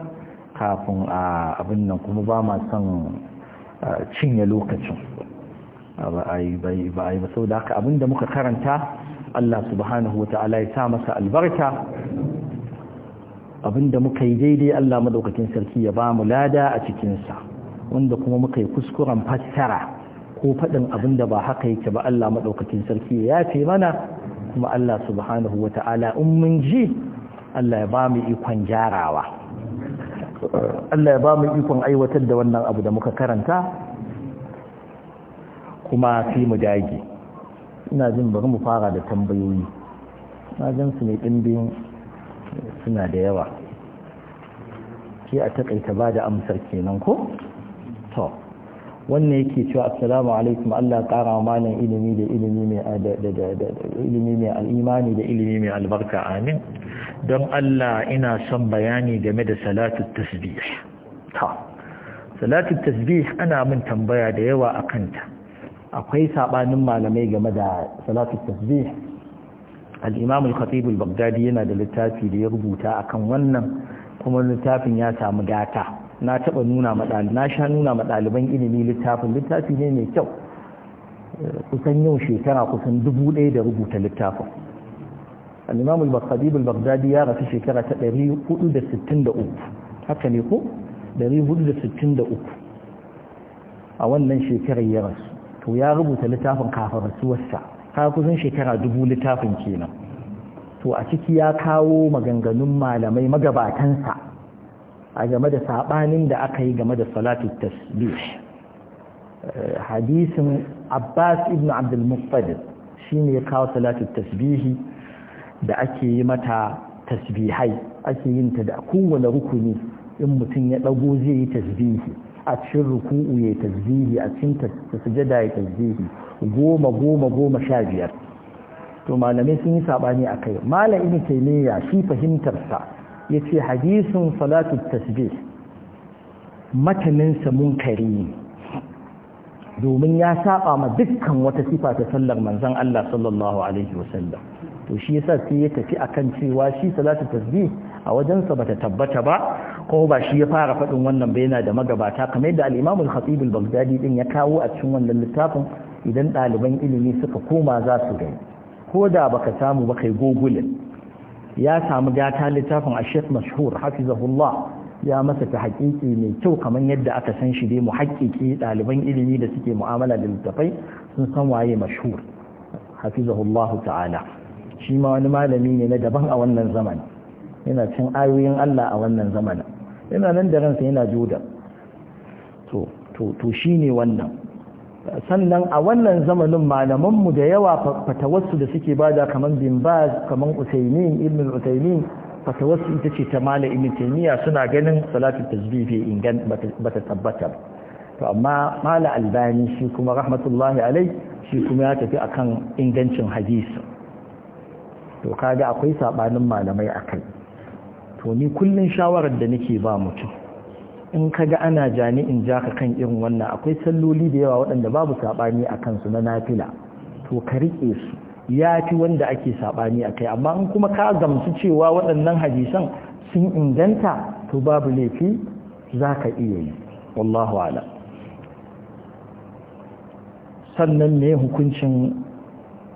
kafin a abin nan kuma ba ma son cinye lokacin ba a yi ba sau da haka abin da muka karanta Allah subhanahu wa ta'ala ya sa masa albarka abinda muka yi daidai Allah madaukakin sarki ya ba mu lada a cikinsa wanda kuma muka yi kuskuren fassara ko faɗin da ba haka yake ba Allah madaukakin sarki ya yafe mana kuma Allah subhanahu wa ta'ala in mun ji Allah ya ba mu ikon jarawa, Allah ya ba mu ikon aiwatar da wannan abu da muka karanta kuma sai mu dage ina jin bari mu fara da tambayoyi na jan su ne ɗimbin suna da yawa ke a taƙaita ba da amsar kenan ko? to wannan yake cewa assalamu alaikum Allah kara malam ilimi da ilimi mai ilimi mai al'imani da ilimi mai albarka amin don Allah ina son bayani game da salatu tasbih ta salatu tasbih ana min tambaya da yawa a kanta akwai sabanin malamai game da salatu tasbih al-imam al-khatib al-baghdadi yana da littafi da ya rubuta akan wannan kuma littafin ya samu gata na taɓa nuna maɗali na sha nuna maɗaliban ilimi littafin littafi ne mai kyau kusan yau shekara kusan dubu ɗaya da rubuta littafin al'imam al-bakhdadi al-baghdadi ya rasu shekara ta 463 haka ne ko 463 a wannan shekarar ya rasu to ya rubuta littafin kafin rasuwarsa ka kusan shekara dubu littafin kenan to a ciki ya kawo maganganun malamai magabatansa a game da saɓanin da aka yi game da salatu tasbih eh, hadisin abbas ibn abdulmuttalib shi ne ya kawo salatu tasbihi da ake yi mata tasbihai ake yin ta da kowane rukuni in mutum ya ɗago zai yi tasbihi a cikin ruku'u ya tasbihi a cikin sujada ya tasbihi goma goma goma sha biyar to malamai sun yi saɓani a kai malam ibn taimiyya shi fahimtarsa ya ce hadisun salatu tasbih mataninsa munkari ne domin ya saba ma dukkan wata sifa ta sallar manzon Allah sallallahu alaihi wasallam to shi yasa sai ya tafi akan cewa shi salatu tasbih a wajensa bata tabbata ba ko ba shi ya fara faɗin wannan ba yana da magabata kamar yadda al-Imam al-Khatib din ya kawo a cikin wannan littafin idan ɗaliban ilimi suka koma za su gani ko da baka samu ba kai gogulin ya samu gata littafin a sheikh mashhur hafizahullah ya masa ta hakiki mai kyau kamar yadda aka san shi dai mu hakiki ɗaliban ilimi da suke mu'amala da littafai sun san waye mashhur hafizahullah ta'ala shi ma wani malami ne na daban a wannan zamani yana cin ayoyin Allah a wannan zamanin yana nan da ransa yana juda to to to shine wannan sannan a wannan zamanin malamanmu da yawa fatawarsu da suke bada kamar bin kaman kamar usaimin ibn usaimin fatawarsu ita ce ta mala ibn suna ganin salatu tasbih ingan bata tabbatar. to amma mala albani shi kuma rahmatullahi alai shi kuma ya tafi akan ingancin hadisi to kaga akwai sabanin malamai akai to ni kullun shawarar da nake ba mutum in ka ga ana jami'in ka kan irin wannan akwai salloli da yawa waɗanda babu saɓani a kansu na nafila to ka riƙe su ya fi wanda ake saɓani a kai amma in kuma ka gamsu cewa waɗannan hadisan sun inganta to babu laifi za ka iya yi wallahu ala sannan ne hukuncin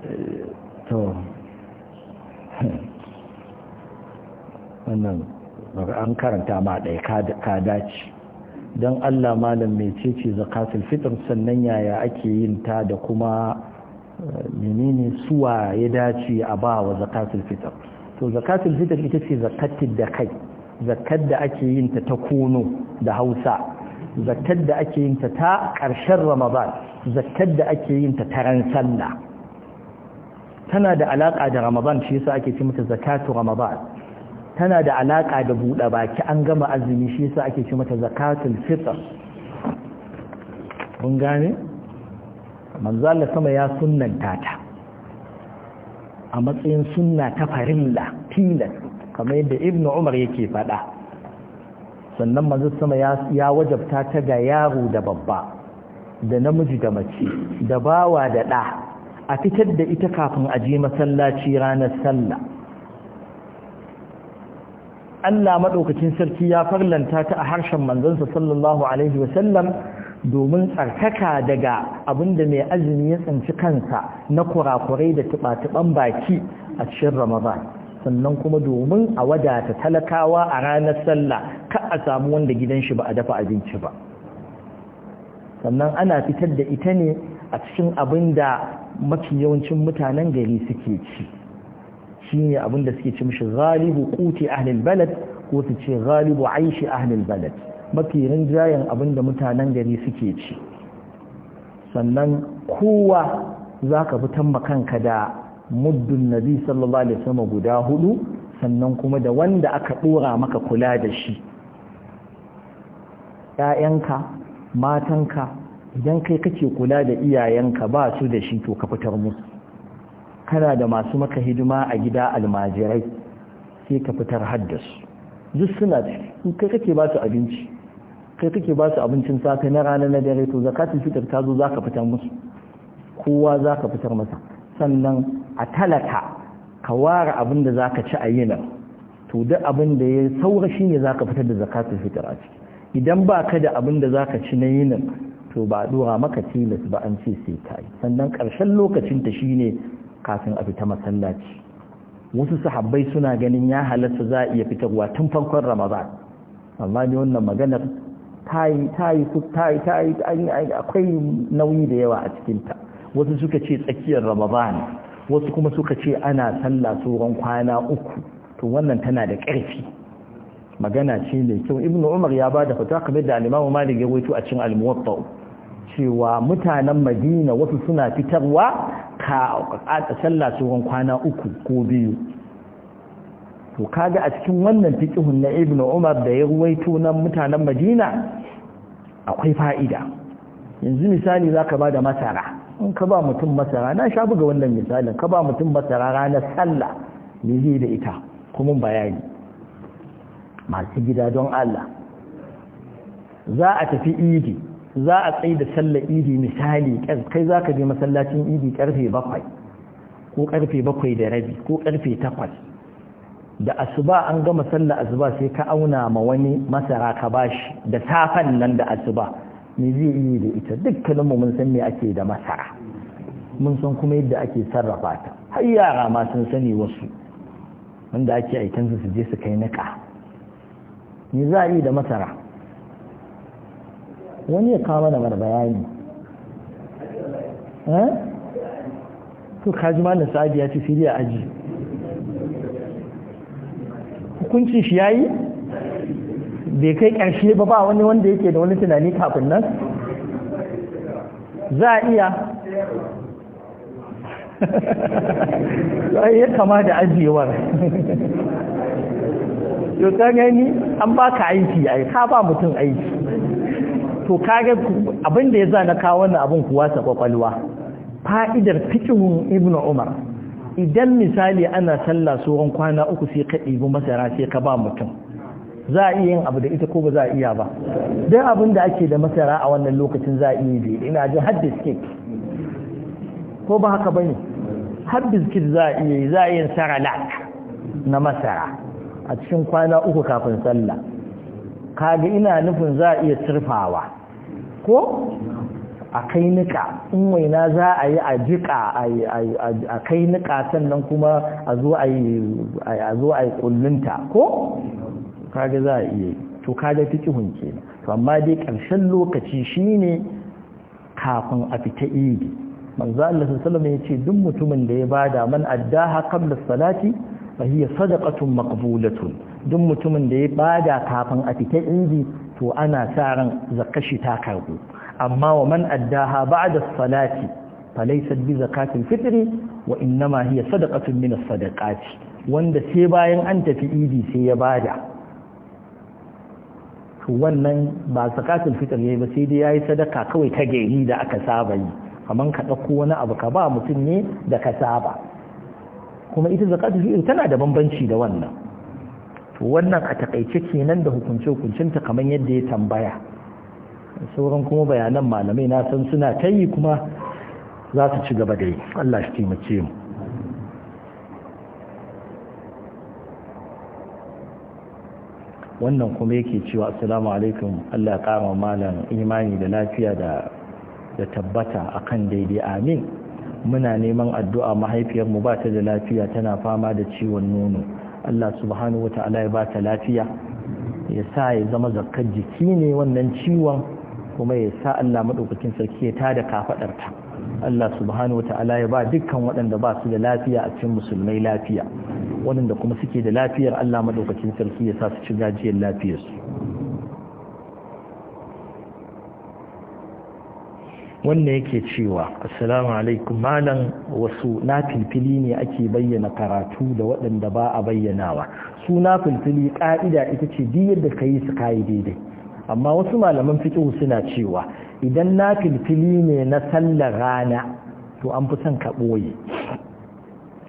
eh, to wannan an karanta ma ɗaya ka dace don allah malam mecece zakatul fitr sannan yaya ake yin ta da kuma eh, menene suwa ya dace a ba wa zakatul fitr to zakatul fitr ita ce zakatul da kai zakar da ake yin ta ta kono da hausa zakar da ake yin ta ta ƙarshen ramadan zakar da ake yin ta taran sallah tana da alaƙa da ramadan shi yasa ake ce mata zakatu ramadan tana da alaƙa da buɗe baki an gama azumi shi yasa ake ce mata zakatul fitr Mun gane manzo Allah sama ya sunnanta ta a matsayin sunna ta farilla tilla kamar yadda ibnu umar yake faɗa sannan manzo sama ya wajabta ta ga yaro da babba da namiji da mace da bawa da ɗa a fitar da ita kafin a je masallaci ranar sallah Allah maɗaukacin sarki ya farlanta ta a harshen manzansa sallallahu alaihi wasallam domin tsarkaka daga abinda mai azumi ya tsanci kansa na kurakurai da tuɓa-tuɓan baki a cikin ramadan sannan kuma domin a wadata talakawa a ranar sallah ka a samu wanda gidan shi ba a dafa abinci ba sannan ana fitar da ita ne a cikin abinda da mafi yawancin mutanen gari suke ci shine abin da suke ce mishi ghalibu quti ahli albalad ko su ce ghalibu aishi ahli albalad mafi rinjayen abin da mutanen gari suke ci sannan kowa zaka fitan makanka da muddun nabi sallallahu alaihi wasallam guda hudu sannan kuma da wanda aka dora maka kula da shi ‘ya'yanka, matanka, idan kai kake kula da iyayenka ba su da shi to ka fitar musu. kana da masu maka hidima a gida almajirai sai ka fitar haddasu duk suna ciki kai kake ba su abinci kai kake ba su abincin safe na rana na dare to zakatun fitar ta zo za ka fitar musu kowa za ka fitar masa sannan a talaka ka ware abin da za ka ci a yi nan to duk abin da ya saura shi ne za ka fitar da zakatun fitar a ciki idan ba ka da abin da za ka ci na yi nan to ba a dora maka tilas ba an ce sai ka yi sannan ƙarshen lokacinta shi ne kafin a fita masallaci wasu sahabbai suna ganin ya halatta za a iya fitarwa tun farkon ramadan amma ne wannan maganar tayi tayi tayi tayi akwai nauyi da yawa a cikinta wasu suka ce tsakiyar ramadan wasu kuma suka ce ana sallah tsoron kwana uku to wannan tana da ƙarfi magana ce mai kyau ibnu umar ya ba da fata kamar da alimamu malik ya waito a cikin al-muwatta cewa mutanen madina wasu suna fitarwa ka a sallah tsohon kwana uku ko biyu to kaga a cikin wannan fikihun na ibn umar da ya ruwaito nan mutanen madina akwai fa'ida yanzu misali za ka ba da masara in ka ba mutum masara na sha buga wannan misalin ka ba mutum masara ranar sallah ne zai da ita kuma bayani masu gida don Allah za a tafi idi za a tsaye da sallar idi misali kai za ka je masallacin idi karfe bakwai ko karfe bakwai da rabi ko karfe takwas da asuba an gama sallar asuba sai ka auna ma wani masara ka bashi da safan nan da asuba me zai yi da ita dukkanin mu mun san me ake da masara mun san kuma yadda ake sarrafa ta har yara ma sun sani wasu wanda ake aikansu su je su kai niƙa me za a yi da masara wani ya kawo mana mara bayani eh? to kaji ma sa'adi ya ce siriya aji hukuncin shi yayi bai kai ƙarshe ba ba wani wanda yake da wani tunani kafin nan za a iya ya kama da ajiyewar yau ta gani an baka aiki ai ka ba mutum aiki to kage abin da ya za na kawo wannan abin kuwa ta kwakwalwa fa'idar fikihun ibnu umar idan misali ana sallah tsohon kwana uku sai ka ɗibi masara sai ka ba mutum za a iya abu da ita ko ba za a iya ba don abin da ake da masara a wannan lokacin za a iya bi ina jin har biskit ko ba haka ba ne har biskit za a iya yi za a iya yin saralak na masara a cikin kwana uku kafin sallah kaga ina nufin za a iya turfawa ko a kai nika in waina za a yi a jika a kai nika sannan kuma a zo a yi kullunta ko kaga za a iya to kaga fikihun kenan to amma dai ƙarshen lokaci shi ne kafin a fita idi manzo Allah sallallahu ya ce duk mutumin da ya bada man addaha qabla salati fahiyya sadaqatun maqbulatun duk mutumin da ya bada kafin a fita inji to ana sa ran zakashi ta amma wa man addaha ba'da salati falaysat bi zakatil fitri wa innama hiya sadaqatun min as-sadaqati wanda sai bayan an tafi idi sai ya bada to wannan ba zakatul fitr yayi ba sai dai ya yi sadaka kawai ta gairi da aka saba yi kaman ka ɗauko wani abu ka ba mutum ne da ka saba kuma ita zakatu fitr tana da bambanci da wannan to wannan a takaice kenan da hukunce hukuncin ta kamar yadda ya tambaya sauran kuma bayanan malamai na san suna ta yi kuma za su ci gaba da yi Allah shi taimake mu wannan kuma yake cewa assalamu alaikum Allah ya kama malam imani da lafiya da tabbata akan daidai amin muna neman addu'a mahaifiyarmu ba ta da lafiya tana fama da ciwon nono Allah subhanahu wata'ala ya ba ta lafiya ya sa ya zama zakkar jiki ne wannan ciwon kuma ya sa Allah maɗaukakin sarki ya ta da kafaɗarta Allah subhanahu wata'ala ya ba dukkan waɗanda ba su da lafiya a cikin musulmai lafiya waɗanda kuma suke da lafiyar Allah maɗaukakin sarki ya sa su ci gajiyar lafiyarsu wannan yake cewa assalamu alaikum malam wasu na filfili ne ake bayyana karatu da waɗanda ba a bayyanawa su na filfili ƙa'ida ita ce duk yadda ka yi su kayi daidai amma wasu malaman fiƙihu suna cewa idan na filfili ne na sallar rana to an fi son ka ɓoye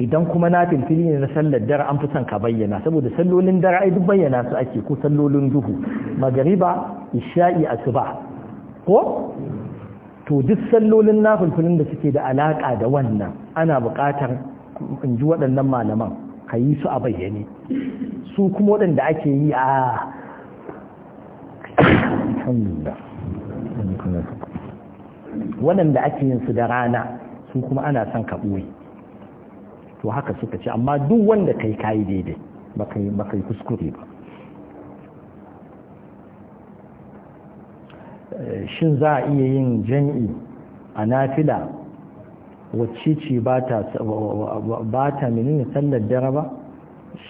idan kuma na filfili ne na sallar dara an fi son ka bayyana saboda sallolin dara ai duk bayyana su ake ko sallolin duhu magariba isha'i asuba ko to duk sallolin nafulfulin da suke da alaƙa da wannan ana buƙatar in ji waɗannan malaman ka yi su a bayyane su kuma waɗanda ake yi a waɗanda ake yin su da rana su kuma ana son ka ɓoye to haka suka ce amma duk wanda kai kayi daidai ba kai kuskure ba shin za a iya yin jan'i a nafila wacce ce ba ta menene sallar dare ba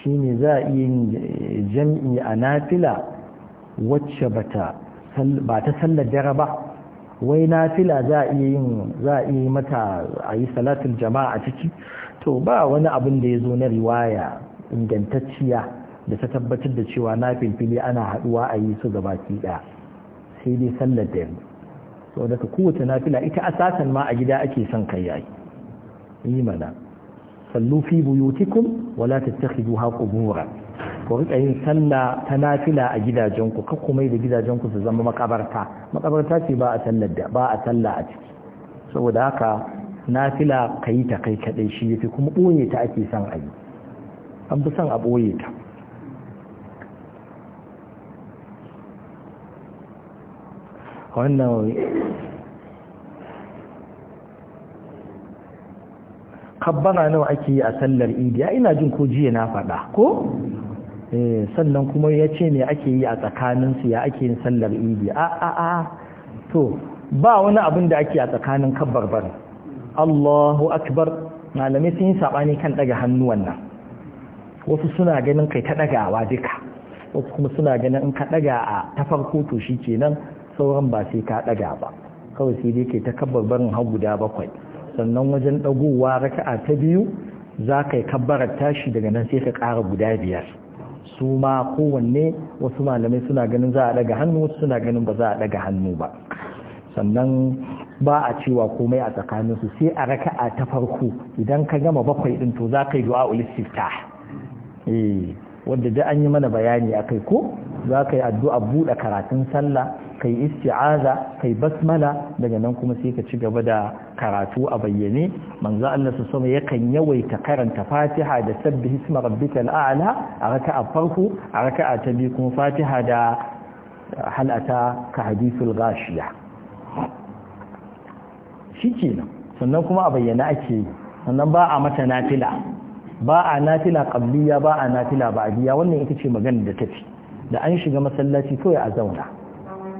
shi ne za a iya yin jami'i a nafila wacce ba ta sallar dare ba wai nafila za a iya yin mata a yi salatul jama'a a ciki to ba wani abin da ya zo na riwaya ingantacciya da ta tabbatar da cewa na filfili ana haɗuwa a yi su gabaki ɗaya sai dai sallar da yamma sau daga kowace nafila ita asasan ma a gida ake son kai yayi yi mana sallu fi buyutikum wala tattakhiduha qubura ko rika yin sallah ta nafila a gidajenku ku ka mai da gidajenku su zama makabarta makabarta ce ba a sallar da ba a sallah a ciki saboda haka nafila kai ta kai kaɗai shi yafi kuma boye ta ake son a yi an fi son a ɓoye ta kabbara nawa ake yi a sallar idi ina jin ko jiya na faɗa ko eh, sannan kuma ya ce me ake yi a tsakaninsu ya ake yin sallar idi a a a to ba wani abin da ake a tsakanin kabbar bar Allahu akbar malamai sun yi saɓani kan ɗaga hannuwan nan wasu suna ganin kai ta ɗagawa duka wasu kuma suna ganin in ka ɗaga a ta farko to shi kenan sauran ba sai ka ɗaga ba kawai sai dai ke ta kabbar barin har guda bakwai sannan wajen ɗagowa raka'a ta biyu za ka yi kabbarar tashi daga nan sai ka ƙara guda biyar su ma kowanne wasu malamai suna ganin za a ɗaga hannu wasu suna ganin ba za a ɗaga hannu ba sannan ba a cewa komai a tsakanin su sai a raka'a ta farko idan ka gama bakwai din to za ka yi du'a ulistiftah eh, wanda da an yi mana bayani a kai ko za ka yi addu'a buɗe karatun sallah kai isti'aza kai basmala daga nan kuma sai ka ci gaba da karatu a bayyane manzo Allah su sama yakan yawaita karanta Fatiha da sabbihi isma rabbikal a'la a raka'a farko a raka'a ta biyu kuma Fatiha da halata ka hadithul ghashiya shikenan sannan kuma a bayyana ake sannan ba a mata nafila ba a nafila qabliya ba a nafila ba'diya wannan ita ce magana da tafi da an shiga masallaci kawai a zauna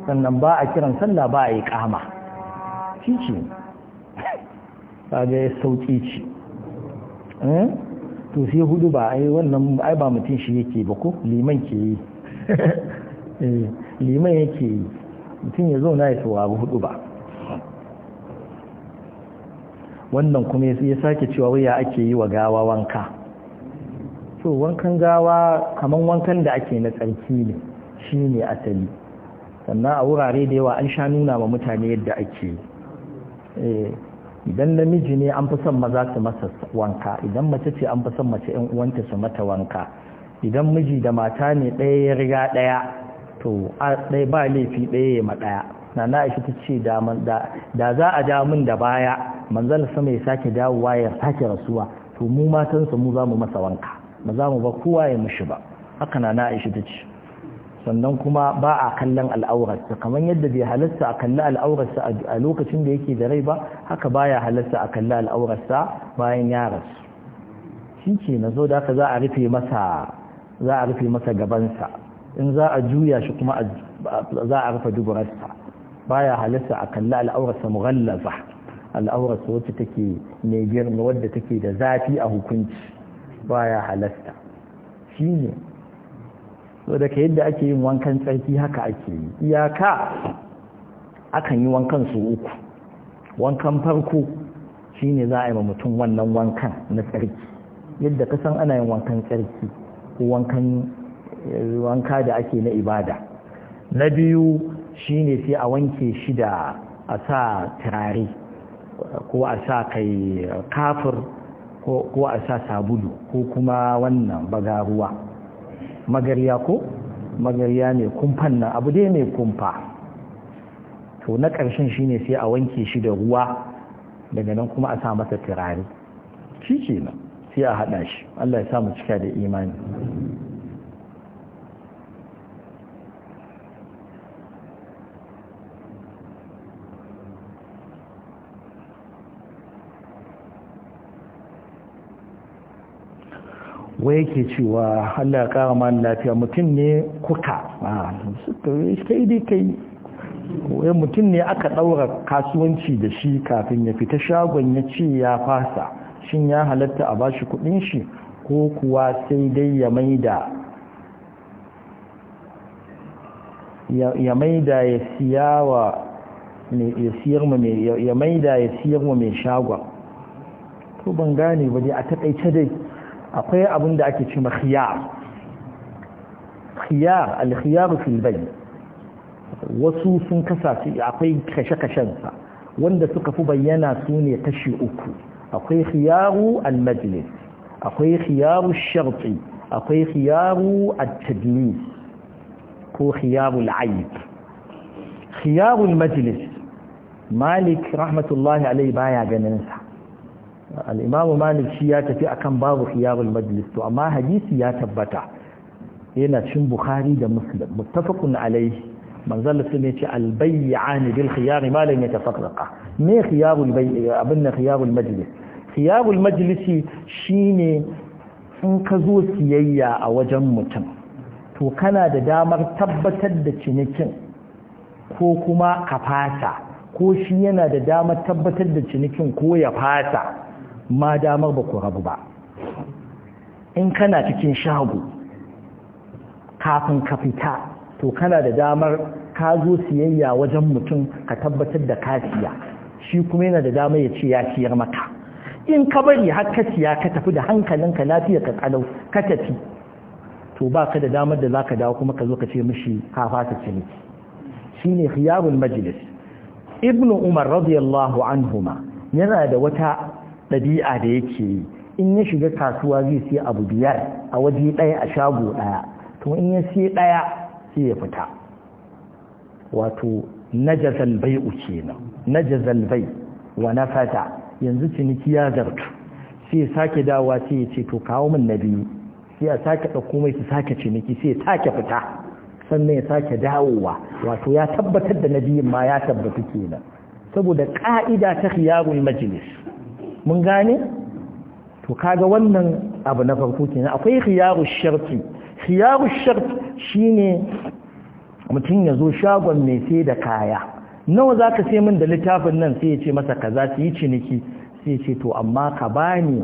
sannan ba a kiran sallah ba a yi kama shi ce kaga ya sauƙi ce eh? to sai hudu ba ai wannan ai ba mutum shi yake ba ko liman ke yi eh, liman yake yi mutum ya zauna ya saurari hudu ba wannan kuma ya sake cewa wuya ake yi wa gawa wanka so wankan gawa kamar wankan da ake na tsarki ne shi ne asali sannan a wurare da yawa an sha nuna wa mutane yadda ake eh, idan namiji ne an fi son maza su masa wanka idan mace ce an fi son mace yan uwanta su mata wanka idan miji da mata ne ɗaya ya riga ɗaya to ɗaya ba laifi ɗaya ya ma ɗaya na na ishi ta ce da za a ja min da baya manzal sama ya sake dawowa ya sake rasuwa to mu matansa mu za mu masa wanka ba za mu ba kowa ya mushi ba haka na na ishi ta ce sannan kuma ba a kallon al'aurarsa kamar yadda bai halarta a kalli al'aurarsa a lokacin da yake da rai ba haka baya halarta a kalli al'aurarsa bayan ya rasu shi na zo da haka za a rufe masa gabansa in za a juya shi kuma za a rufe duburarsa baya halarta a kalli al'aurarsa mughallaza al'aurarsa wacce take mai girma wadda take da zafi a hukunci baya halarta shi ne so daga yadda ake yin wankan tsarki haka ake yi iyaka akan yi wankan su uku wankan farko shine za a yi mutum wannan wankan na tsarki yadda ka san ana yin wankan tsarki ko wankan wanka da ake na ibada na biyu shine sai a wanke shi da a sa turare ko a sa kai kafir ko a sa sabulu ko kuma wannan bagaruwa magarya ko magarya mai kumfan nan abu dai mai kumfa to na ƙarshen shine sai a wanke shi da ruwa daga nan kuma a sa masa turare shi nan sai a haɗa shi Allah ya sa mu cika da imani wai yake cewa Allah ya kara mani lafiya mutum ne kuka sai ah, dai kai wai mutum ne aka daura kasuwanci da shi kafin ya fita shagon ya ce ya fasa shin ya halatta a bashi kudin shi ko kuwa sai dai ya maida ya maida ya siyawa ya siyar mu mai ya ya siyar mu mai shagon to ban gane ba dai a takaice dai akwai abin da ake ce ma khiyar khiyar al fil bayn wasu sun kasa akwai kashe-kashen sa wanda suka fi bayyana su ne kashi uku akwai khiyaru al-majlis akwai khiyaru sharti akwai khiyaru at-tadlis ko khiyaru al-aib khiyaru al-majlis malik rahmatullahi alayhi baya ganin sa al'imamu malik shi ya tafi akan babu khiyarul majlis to amma hadisi ya tabbata yana cin bukhari da muslim muttafaqun alaihi manzal sun yace albay'ani bil khiyar ma lam yatafarraqa me khiyarul bay' abinna khiyarul majlis khiyarul majlis shine in ka zo siyayya a wajen mutum to kana da damar tabbatar da cinikin ko kuma ka fata ko shi yana da damar tabbatar da cinikin ko ya fata ma damar ba ku rabu ba in kana cikin shago kafin ka fita to kana da damar ka zo siyayya wajen mutum ka tabbatar da ka shi kuma yana da damar ya ce ya siyar maka in ka bari har ka siya ka tafi da hankalinka lafiya ka kalau ka tafi to ba ka da damar da za ka dawo kuma ka zo ka ce mishi ka fasa ciniki shi ne khiyarul majlis ibn umar radiyallahu anhuma yana da wata ɗabi'a da yake yi in ya shiga kasuwa zai sai abu biyar a waje ɗaya a shago ɗaya to in ya sai ɗaya sai ya fita wato na jazalbai uke nan na jazalbai wa na fata yanzu ciniki ya zartu sai ya sake dawa sai ya ce to kawo min na biyu sai ya sake ɗauko mai su sake ciniki sai ya sake fita sannan ya sake dawowa wato ya tabbatar da na biyun ma ya tabbatu kenan saboda ƙa'ida ta khiyarul majlis mun gane to kaga wannan abu na farko kenan akwai khiyaru sharti khiyaru sharti shine mutum ya shagon mai sai da kaya nawa zaka sai min da littafin nan sai ya ce masa kaza yi ciniki sai ya ce to amma ka bani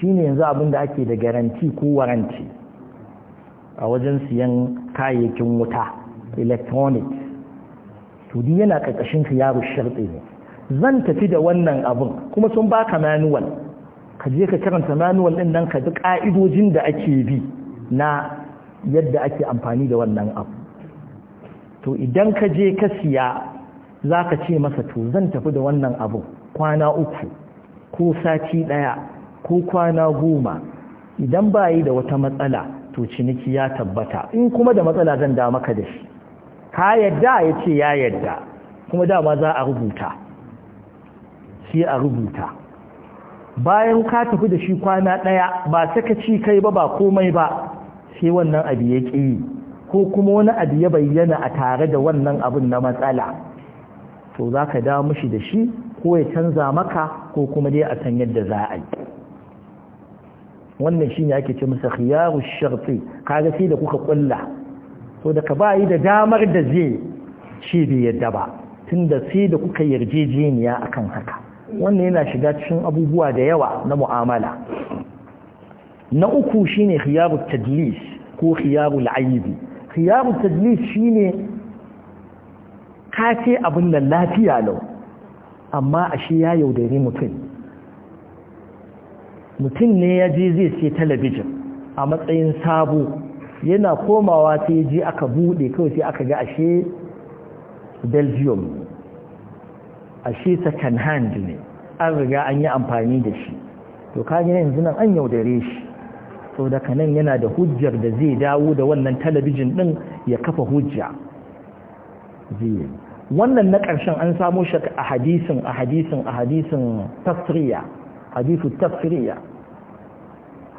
shine yanzu abin da ake da garanti ko waranti a wajen siyan kayayyakin wuta electronic to yana ƙarƙashin khiyaru sharti ne zan tafi da wannan abun kuma sun baka manual ka je ka karanta manual din nan ka bi ka'idojin da ake bi na yadda ake amfani da wannan abu to idan ka je ka siya za ka ce masa to zan tafi da wannan abu kwana uku ko sati ɗaya ko kwana goma idan ba yi da wata matsala to ciniki ya tabbata in kuma da matsala zan da maka da shi ka yadda ya ce ya yadda kuma dama za a rubuta sai a rubuta bayan ka tafi da shi kwana ɗaya ba saka ci kai ba ba komai ba sai wannan abu ya ƙi ko kuma wani abu ya bayyana a tare da wannan abin na matsala to za ka dawo da shi ko ya canza maka ko kuma dai a san yadda za a yi wannan shi ne ake ce masa khiyaru sharti kaga sai da kuka kulla to da ka bayi da damar da zai ce bai yadda ba tunda sai da kuka yarjejeniya akan haka wannan yana shiga cikin abubuwa da yawa na mu'amala na uku shine khiyaru tadlis ko khiyaru al'aybi khiyaru tadlis shine kace abin nan lafiya lau amma ashe ya yaudare mutum mutum ne ya je zai sai talabijin a matsayin sabo yana komawa sai je aka bude kawai sai aka ga ashe belgium ashe second hand ne an riga an yi amfani da shi to kaji yanzu nan an yaudare shi sau da kanan yana da hujjar da zai dawo da wannan talabijin din ya kafa hujja wannan na ƙarshen an samu shi a hadisin a hadisin a hadisin tasiriya hadisu tasiriya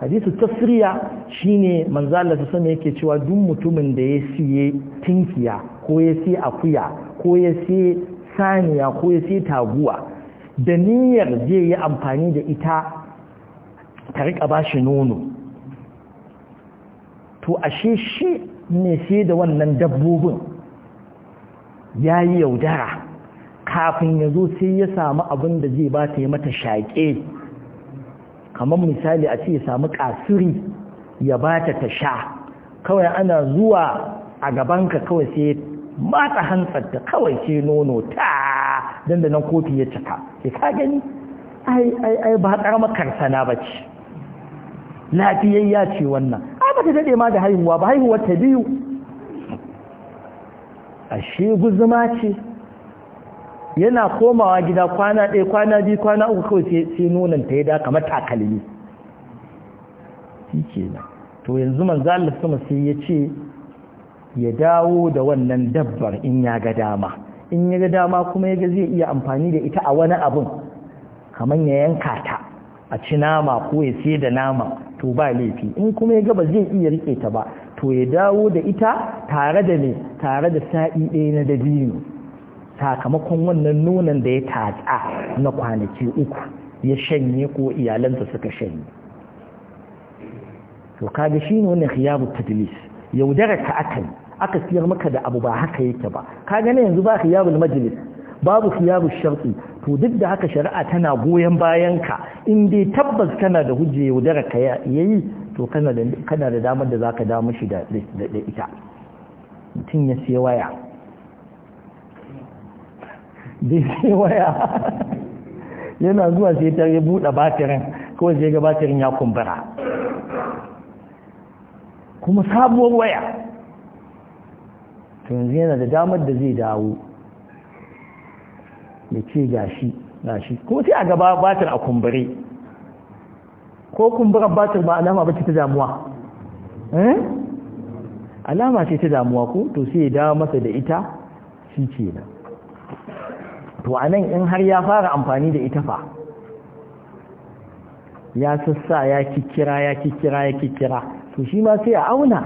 hadisu tasiriya shine manzala su sama yake cewa duk mutumin da ya siye tinkiya ko ya siye akuya ko ya siye saniya ko ya sai taguwa da niyyar zai yi amfani da ita ta rika ba shi nono to ashe shi ne sai da wannan dabbobin ya yi yaudara kafin ya zo sai ya samu abin da zai ba ta yi mata shaƙe kamar misali a ce ya samu kasiri ya ba ta ta sha kawai ana zuwa a gabanka kawai sai matsa hantsar da kawai ke nono ta dandanan kofi ya cika ke ka gani ai ai ai ba karamar karsana ba ce lafiyayya ce wannan ai ba ta daɗe ma da haihuwa ba haihuwar ta biyu ashe guzuma ce yana komawa gida kwana ɗaya kwana biyu kwana uku kawai sai nonon ta ya da kamar takalmi shi ke to yanzu manzo Allah sama sai ya ce ya dawo da wannan dabbar in ya ga dama in ya ga dama kuma ya ga zai iya amfani da ita a wani abin kamar ya yanka ta a ci nama ko ya sai da nama to ba laifi in kuma ya ga ba zai iya rike ta ba to ya dawo da ita tare da ne tare da sa'i ɗaya na dabino sakamakon wannan nonon da ya tatsa na kwanaki uku ya shanye ko iyalansa suka shanye to kaga shi ne wannan khiyabu tadlis yaudarar ka akai aka siyar maka da abu ba haka yake ba ka gane yanzu ba yabul majlis babu siyabu sharti to duk da haka shari'a tana goyen bayan ka in dai tabbas kana da hujje yaudara ka yayi to kana da kana da damar da zaka da mishi da da ita mutum ya siya waya dai siya waya yana zuwa sai ta buɗe batirin kawai sai ga batirin ya kumbura kuma sabuwar waya to yanzu yana da damar da zai dawo ya ce gashi gashi ko sai a gaba batar a kumbure ko kumburar batar ba alama ba ce ta damuwa eh? alama ce ta damuwa ko to sai ya dawo masa da ita shi ce na to a nan in har ya fara amfani da ita fa ya sassa ya kikira ya kikira ya kikira to shi ma sai a auna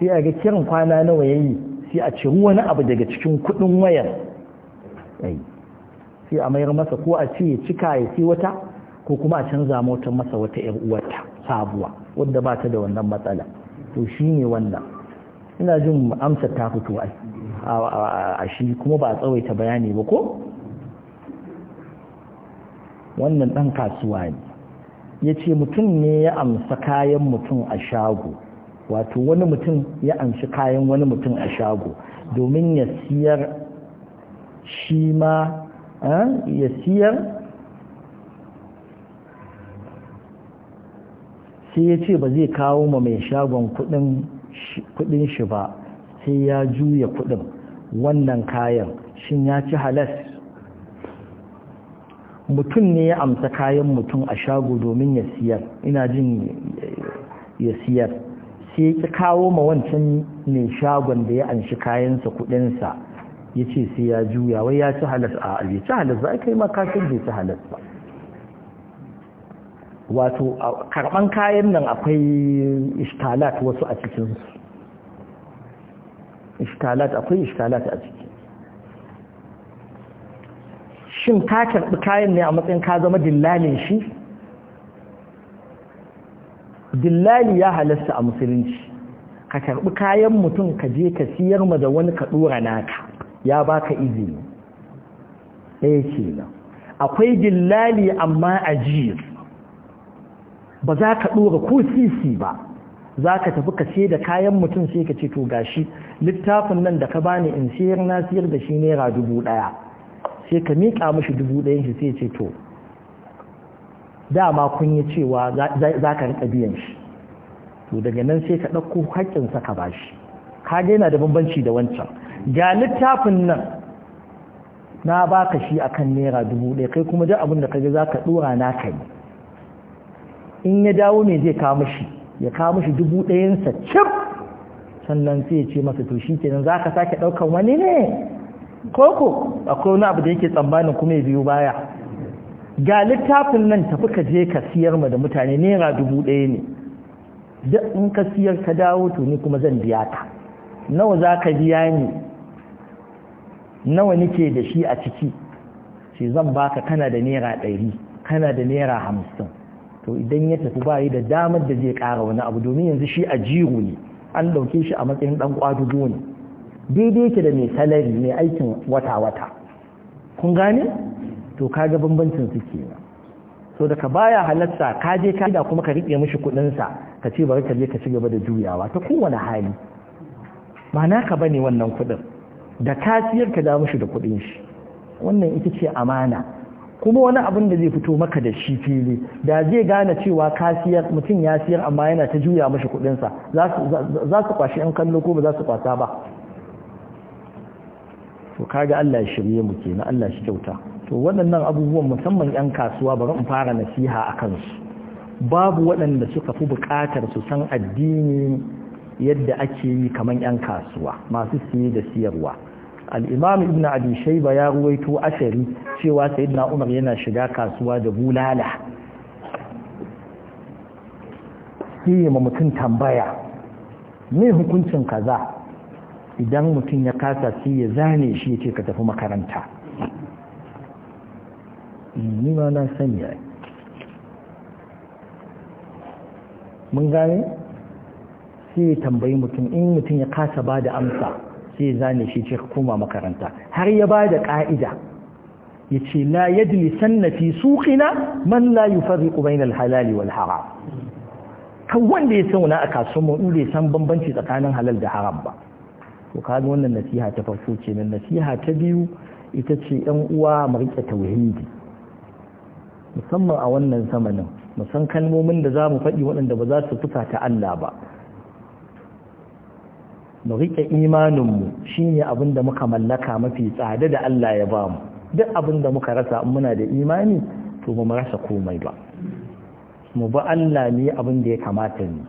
sai a ga kiran kwana nawa ya yi sai a ce wani abu daga cikin kudin wayar sai a mayar masa ko a ce ya cika ya ce wata ko kuma a canza motar masa wata yar uwarta sabuwa wadda ba ta da wannan matsala to shi ne wannan ina jin amsa ta fito a shi kuma ba a tsawaita bayani ba ko wannan dan kasuwa ne ya ce mutum ne ya amsa kayan mutum a shago wato wani mutum ya amshi kayan wani mutum a shago domin ya siyar shi ma eh, ya siyar sai ya ce ba zai kawo ma mai shagon kudin shi ba sai ya juya kudin wannan kayan shin ya ci halas mutum ne ya amsa kayan mutum a shago domin ya siyar ina jin ya siyar sai ya kawo ma wancan mai shagon da ya anshi kayansa kuɗinsa ya ce sai ya juya wai ya ci halas a bai ci halas ba aka yi ma ka bai ci halas ba wato karɓan kayan nan akwai ishtalat wasu a cikin su ishtalat akwai ishtalat a ciki shin ka karɓi kayan ne a matsayin ka zama dillalin shi dillali ya halasta a musulunci ka karɓi kayan mutum ka je ka siyar ma da wani ka ɗora naka ya baka izini ɗaya kenan akwai dillali amma ajiyar ba za ka ɗora ko sisi ba za ka tafi ka ce da kayan mutum sai ka ce to gashi littafin nan da ka bani in siyar na siyar da shi naira dubu ɗaya sai ka miƙa mashi dubu ɗayan shi sai ce to dama kun yi cewa za ka riƙa biyan shi to daga nan sai ka ɗauko sa ka ba shi ka daina da bambanci da wancan ga littafin nan na baka shi a kan naira dubu ɗaya kai kuma duk abin da kaje za ka ɗora na ka yi. in ya dawo ne zai kawo mishi ya kawo mishi dubu ɗayansa cif sannan sai ya ce masa to shi kenan za ka sake ɗaukar wani ne koko akwai wani abu da yake tsammanin kuma ya biyo baya ga littafin nan tafi ka je ka siyar ma da mutane naira dubu ɗaya ne duk in ka siyar ka dawo to ni kuma zan biya ka nawa za ka biya ni nawa nike da shi a ciki ce zan baka kana da naira ɗari kana da naira hamsin to idan ya tafi bayi da damar da zai ƙara wani abu domin yanzu shi a jiru ne an ɗauke shi a matsayin ɗan ƙwadugo ne daidai ke da mai salari mai aikin wata-wata kun gane to kaga bambancin su kenan so daga baya halatta ka je ka da kuma ka riƙe mishi kuɗinsa sa ka ce bari ka je ka ci gaba da juyawa ta kowane hali ba ka bane wannan kuɗin da ka siyar ka da mishi da kuɗin shi wannan ita ce amana kuma wani abin da zai fito maka da shi fili da zai gane cewa ka mutum ya siyar amma yana ta juya mishi kuɗinsa sa za su kwashi yan kallo ko ba za su kwasa ba to kaga Allah shirye mu kenan Allah shi kyauta to waɗannan abubuwan musamman 'yan kasuwa bari in fara nasiha a kansu babu waɗanda suka fi buƙatar su san addini yadda ake yi kamar 'yan kasuwa masu siye da siyarwa al'imam ibn abi shaiba ya ruwaito ashari cewa sayyidina umar yana shiga kasuwa da bulala sai ma mutum tambaya me hukuncin kaza idan mutum ya kasa sai ya zane shi ya ce ka tafi makaranta Mm, ni na sani ai mun gane sai tambayi mutum in mutum ya kasa ba da amsa sai zane shi ce kuma makaranta har ya ba da ƙa'ida ya ce la yadli sannafi suƙina man la fari bainal halali wal haram kan wanda ya sauna a kasuwa inda ya san bambanci tsakanin halal da haram ba to kaga wannan nasiha ta farko kenan nasiha ta biyu ita ce yan uwa mu tauhidi musamman a wannan zamanin musan kalmomin da za mu faɗi waɗanda ba za su fita ta Allah ba mu riƙe imaninmu shi ne abin muka mallaka mafi tsada da Allah ya ba mu duk abinda muka rasa in muna da imani to ba mu rasa komai ba mu ba Allah ne abinda ya kamata ne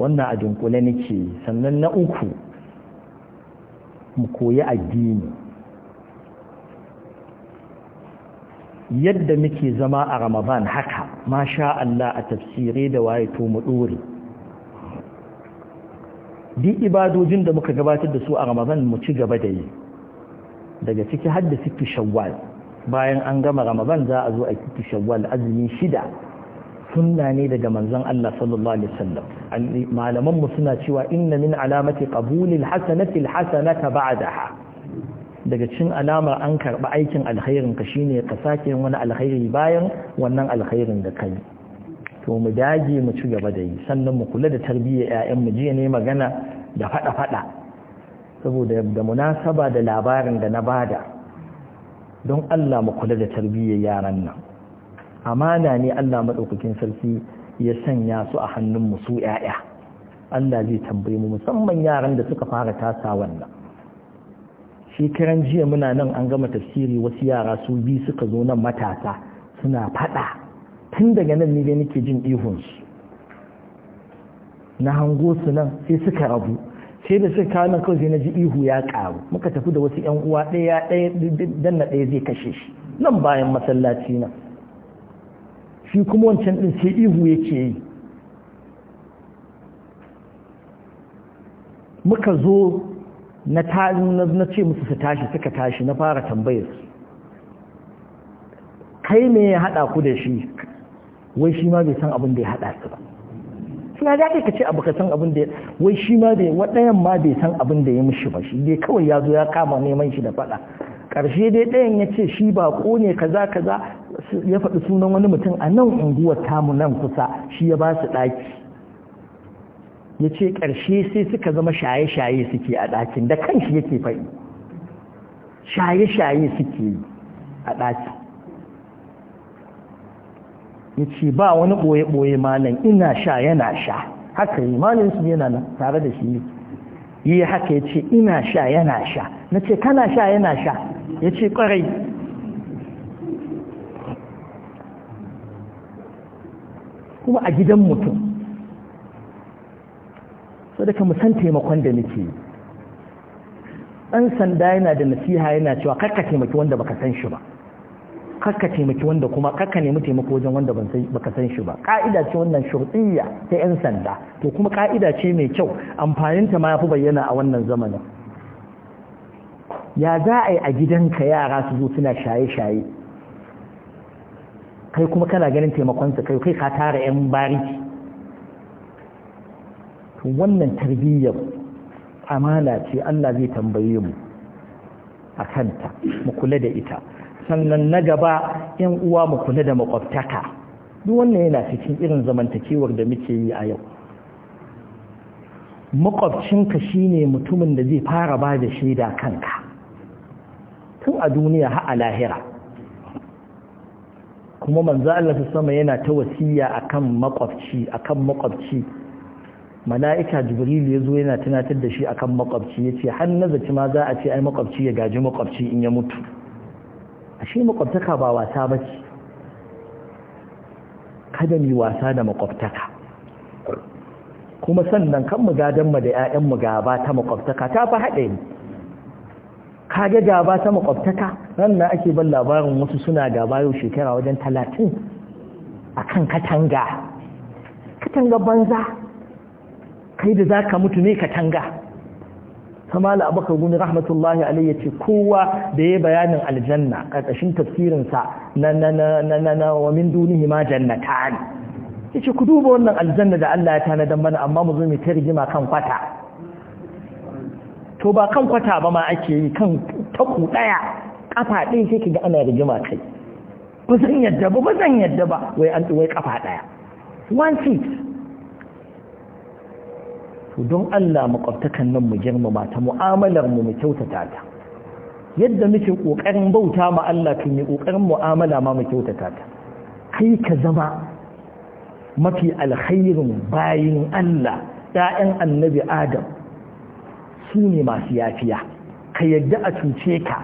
wannan a dunkule nake sannan na uku mu koyi addini yadda muke zama a ramadan haka masha Allah a tafsire da waye to mu dore duk ibadojin da muka gabatar da su a ramadan mu ci gaba da yi daga ciki har da sittu shawwal bayan an gama ramadan za a zo a sittu shawwal azumi shida sunna ne daga manzon Allah sallallahu alaihi wasallam malaman mu suna cewa inna min alamati qabulil hasanati alhasanata ba'daha daga cin alamar an karɓi aikin alkhairin ka shine ka sake wani alkhairi bayan wannan alkhairin da kai to mu dage mu ci gaba da yi sannan mu kula da tarbiyyar ƴaƴan mu jiya ne magana da faɗa-faɗa saboda da munasaba da labarin da na bada don Allah mu kula da tarbiyyar yaran nan amana ne Allah madaukakin sarki ya sanya su a hannun mu su ƴaƴa Allah zai tambaye mu musamman yaran da suka fara tasa wannan shekaran jiya muna nan an gama tafsiri wasu yara su bi suka zo nan matasa suna fada tun daga nan ne nake jin ihunsu na hango su nan sai suka rabu sai da suka kawo nan kawai na ji ihu ya karu muka tafi da wasu 'yan uwa ɗaya ɗaya na ɗaya zai kashe shi nan bayan masallaci nan shi kuma wancan ɗin sai ihu yake yi muka zo na ce musu su tashi suka tashi na fara tambayar su kai me ya haɗa ku da shi wai shi ma bai san abin da ya haɗa su ba shi ya zaɓe ka ce abu ka san abin da wai shi ma bai waɗayan ma bai san abin da ya mishi ba shi dai kawai ya zo ya kama neman shi da faɗa ƙarshe dai ɗayan ya ce shi ba ko ne kaza kaza ya faɗi sunan wani mutum a nan unguwar tamu nan kusa shi ya ba su ɗaki ya ce ƙarshe sai suka zama shaye-shaye suke a ɗakin da kanshi yake faɗi shaye-shaye suke a ɗakin ya ce ba wani ɓoye-ɓoye malam ina sha yana sha haka yi malam su yana nan tare da shi ne yi haka ya ce ina sha yana sha na ce kana sha yana sha ya ce ƙwarai kuma a gidan mutum saboda ka san taimakon da muke yi ɗan sanda yana da nasiha yana cewa kakka taimaki wanda baka san shi ba kakka taimaki wanda kuma kakka nemi taimako wajen wanda baka san shi ba ka'ida ce wannan shurtiyya ta 'yan sanda to kuma ka'ida ce mai kyau amfaninta ma ya fi bayyana a wannan zamanin ya za a yi a gidanka yara su zo suna shaye-shaye kai kuma kana ganin taimakonsa kai kai ka tara 'yan bariki wannan tarbiyyar amana ce Allah zai tambaye mu a kanta mu kula da ita sannan na gaba yan uwa mu kula da makwabtaka duk wannan yana cikin irin zamantakewar da muke yi a yau makwabcinka shine mutumin da zai fara ba da shaida kanka tun a duniya har a lahira kuma manzo Allah sama yana ta wasiya akan makwabci akan makwabci mala'ika jibril ya zo yana tunatar da shi akan makwabci ya ce har zaci ma za a ce ai makwabci ya gaji makwabci in ya mutu a shi makwabtaka ba wasa ba ce kada mu wasa da makwabtaka kuma sannan kan mu gadan mu da 'ya'yan mu gaba ta makwabtaka ta fa haɗe ni kage gaba ta makwabtaka nan na ake ban labarin wasu suna gaba yau shekara wajen talatin a katanga katanga banza kai da za ka mutu ne ka tanga kamala abaka Guni rahmatullahi alai ya ce kowa da ya bayanin aljanna ƙarƙashin tafsirinsa na na na na na na wa min dunihi ma jannatan yace ku duba wannan aljanna da Allah ya dan mana amma mu zo mu ta rigima kan kwata to ba kan kwata ba ma ake yi kan taku daya kafa ɗaya sai kiga ana rigima kai ba zan yadda ba ba zan yadda ba wai an wai kafa daya one to don Allah makwabtakan nan mu girmama ta mu'amalar mu mu kyautata ta yadda muke kokarin bauta ma Allah tun yi kokarin mu'amala ma mu kyautata ta kai ka zama mafi alkhairin bayin Allah ‘ya'yan annabi Adam su ne masu yafiya, ka yadda a cuce ka,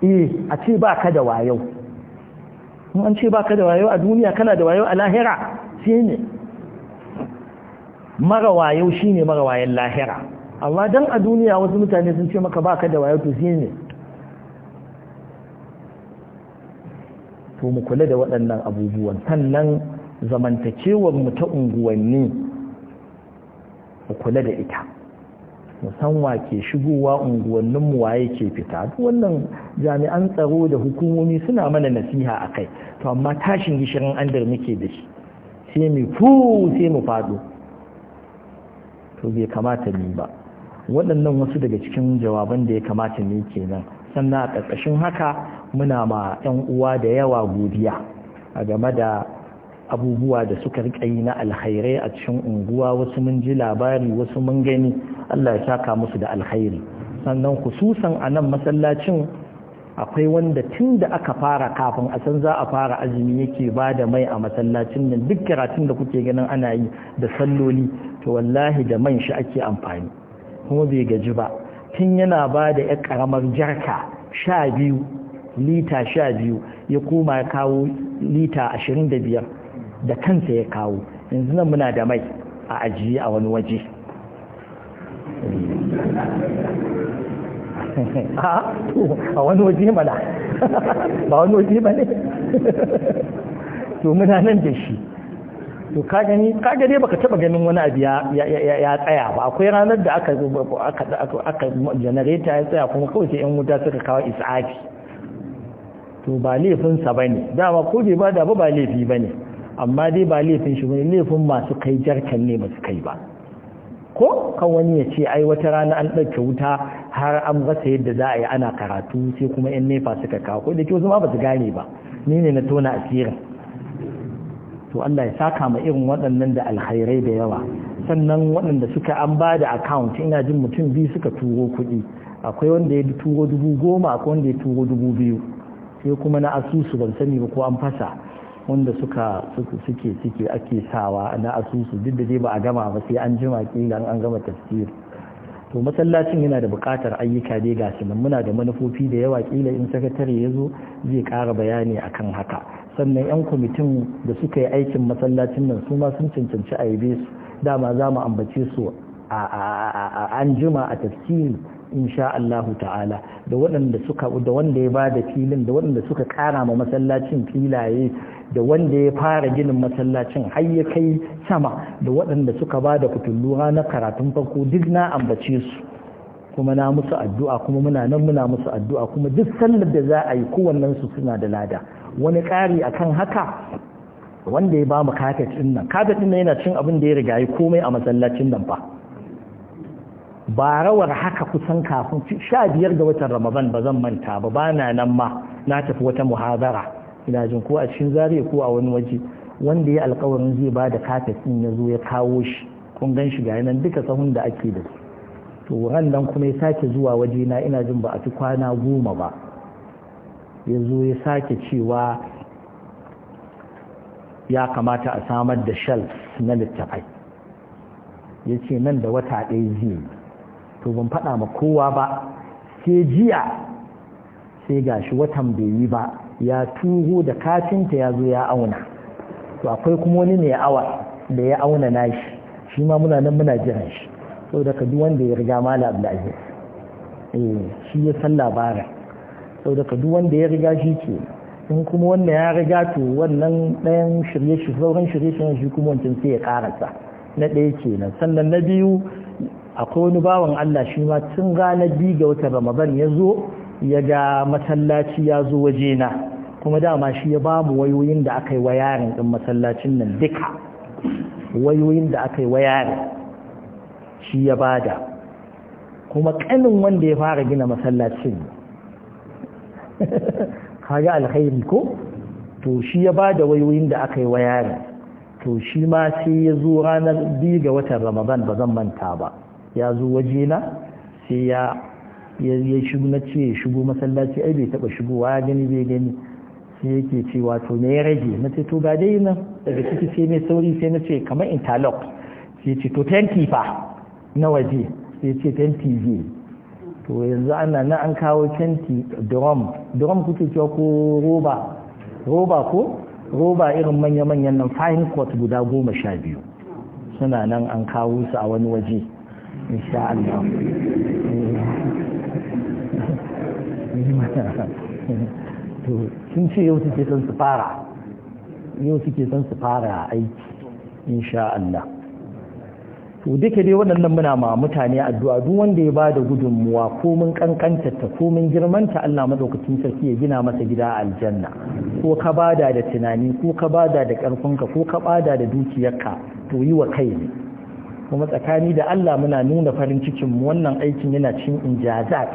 eh, a ce ba ka da wayo. In an ce ba ka da wayo a duniya kana da wayo a lahira, sai ne. mara wayo shine mara lahira amma don a duniya wasu mutane sun ce maka baka da wayo to ne? to mu kula da waɗannan abubuwan sannan zamantakewar mu ta unguwanni mu kula da ita mu san wa ke shigowa unguwanninmu waye ke fita wannan jami'an tsaro da hukumomi suna mana nasiha akai to amma tashin gishirin andar muke da shi sai mu fu sai mu fado to bai kamata ni ba waɗannan wasu daga cikin jawaban da ya kamata ni kenan sannan a ƙarƙashin haka muna ma 'yan uwa da yawa godiya a game da abubuwa da suka riƙa yi na alkhairai a cikin unguwa wasu mun ji labari wasu mun gani Allah ya saka musu da alkhairi sannan khususan a nan masallacin akwai wanda tun da aka fara kafin a san za a fara azumi yake ba da mai a masallacin nan duk karatun da kuke ganin ana yi da salloli to wallahi da man shi ake amfani kuma bai gaji ba tun yana ba da ya karamar jarka sha biyu lita sha biyu ya koma ya kawo lita ashirin da biyar da kansa ya kawo yanzu nan muna da mai a ajiye a wani waje a wani waje mana ba wani waje ba ne to muna nan da shi to ka gani ka baka taba ganin wani abu ya tsaya ba akwai ranar da aka aka ya tsaya kuma kawai sai yan wuta suka kawo isa'afi. to ba laifin sa bane dama ko bai ba da ba ba laifi bane amma dai ba laifin shi bane laifin masu kai jarkan ne masu kai ba ko kan wani ya ce ai wata rana an ɗauke wuta har an rasa yadda za a yi ana karatu sai kuma yan nefa suka kawo ko da ke wasu ma ba su gane ba ni ne na tona asirin to Allah ya saka ma irin waɗannan da alkhairai da yawa sannan waɗanda suka an ba da account ina jin mutum biyu suka turo kuɗi akwai wanda ya turo dubu goma akwai wanda ya turo dubu biyu sai kuma na asusu ban sani ba ko an fasa wanda suka suke suke ake sawa na asusu duk da dai ba a gama ba sai an jima kila an gama tafsir to masallacin yana da bukatar ayyuka dai ga shi nan muna da manufofi da yawa kila in sakatare ya zo zai kara bayani akan haka sannan 'yan kwamitin da suka yi aikin masallacin nan su ma sun cancanci a yabe su dama za mu ambace su an jima a tafsiri insha Allah ta'ala da waɗanda suka da wanda ya bada filin da waɗanda suka kara ma masallacin filaye da wanda ya fara ginin masallacin har ya kai sama da waɗanda suka bada fitullu na karatun farko duk na ambace su kuma na musu addu'a kuma muna nan muna musu addu'a kuma duk sallar da za a yi kowannen su suna da lada wani ƙari akan haka wanda ya ba mu kafet ɗin nan kafet ɗin nan yana cin abin da ya riga yi komai a masallacin nan fa barawar haka kusan kafin sha biyar ga watan ramadan ba zan manta ba ba nan ma na tafi wata muhazara ina jin ko a cikin zariya ko a wani waje wanda ya alkawarin zai ba da kafet ɗin ya zo ya kawo shi kun gan shi gaya nan duka sahun da ake da su to ran nan kuma ya sake zuwa waje na ina jin ba a fi kwana goma ba ya zo ya sake cewa ya kamata a samar da shelf na littafai ya ce nan da wata ɗaya zai to ban faɗa ma kowa ba sai jiya sai shi watan bai yi ba ya tuho da kafinta ya zo ya auna to akwai kuma wani ne awa da ya auna nashi shi ma muna nan muna jiran shi saboda ka duk wanda ya riga mala abdulaziz eh shi ya san labarin saboda ka duk wanda ya riga shi ke in kuma wannan ya riga to wannan ɗayan shirye shi sauran shirye shiryen shi kuma wancan sai ya karasa na ɗaya kenan sannan na biyu akwai wani bawan Allah shi ma tun ranar biyu ga wata Ramadan ya zo ya ga masallaci ya zo wajena kuma dama shi ya bamu wayoyin da aka yi wa yarin ɗin masallacin nan duka wayoyin da aka yi wa yarin shi ya bada kuma ƙanin wanda ya fara gina masallacin kaga alkhairi ko to shi ya bada wayoyin da aka yi wa yarin to shi ma sai ya zo ranar biyu ga watan ramadan ba zan manta ba ya zo wajena sai ya ya shigo na ce shigo masallaci ai bai taba shigowa ya gani bai gani sai yake ce wato me ya rage na ce to ga dai nan daga ciki sai mai sauri sai na ce kamar interlock sai ce to tenti fa na waje sai ce tenti je to yanzu ana na an kawo tenti drum drum kuke cewa ko roba roba ko roba irin manya-manyan nan fine court guda goma sha biyu suna nan an kawo su a wani waje insha Allah to sun ce yau suke son su fara yau suke su fara aiki insha Allah to duka dai waɗannan muna ma mutane addu'a duk wanda ya bada gudunmuwa ko mun kankanta ko mun girmanta Allah madaukakin sarki ya gina masa gida a aljanna ko ka bada da tunani ko ka bada da karfinka ko ka bada da dukiyarka to yi wa kai ne kuma tsakani da Allah muna nuna farin cikin wannan aikin yana cikin injazat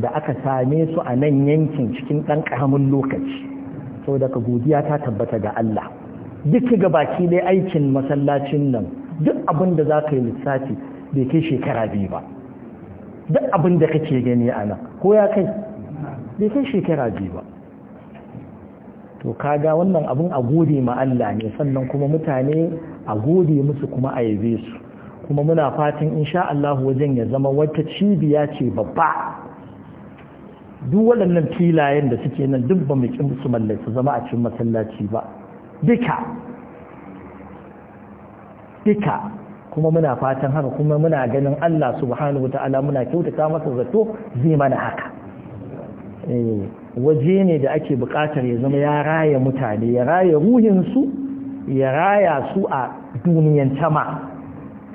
da aka same su a nan yankin cikin ɗan ƙaramin lokaci Sau daga godiya ta tabbata ga Allah duk ga baki dai aikin masallacin nan duk abin da za ka yi lissafi bai kai shekara biyu ba duk abin da kake gani a nan ko ya kai bai kai shekara biyu ba to kaga wannan abin a gode ma Allah ne sannan kuma mutane a gode musu kuma a yabe su kuma muna fatan insha Allah wajen ya zama wata cibiya ce babba duk waɗannan filayen da suke nan duk ba mu kin su mallai su zama a cikin masallaci ba duka duka kuma muna fatan haka kuma muna ganin Allah subhanahu wata'ala muna kyautata masa zato zai mana haka eh, waje ne da ake buƙatar ya zama ya raya mutane ya raya ruhinsu ya raya su a duniyar tama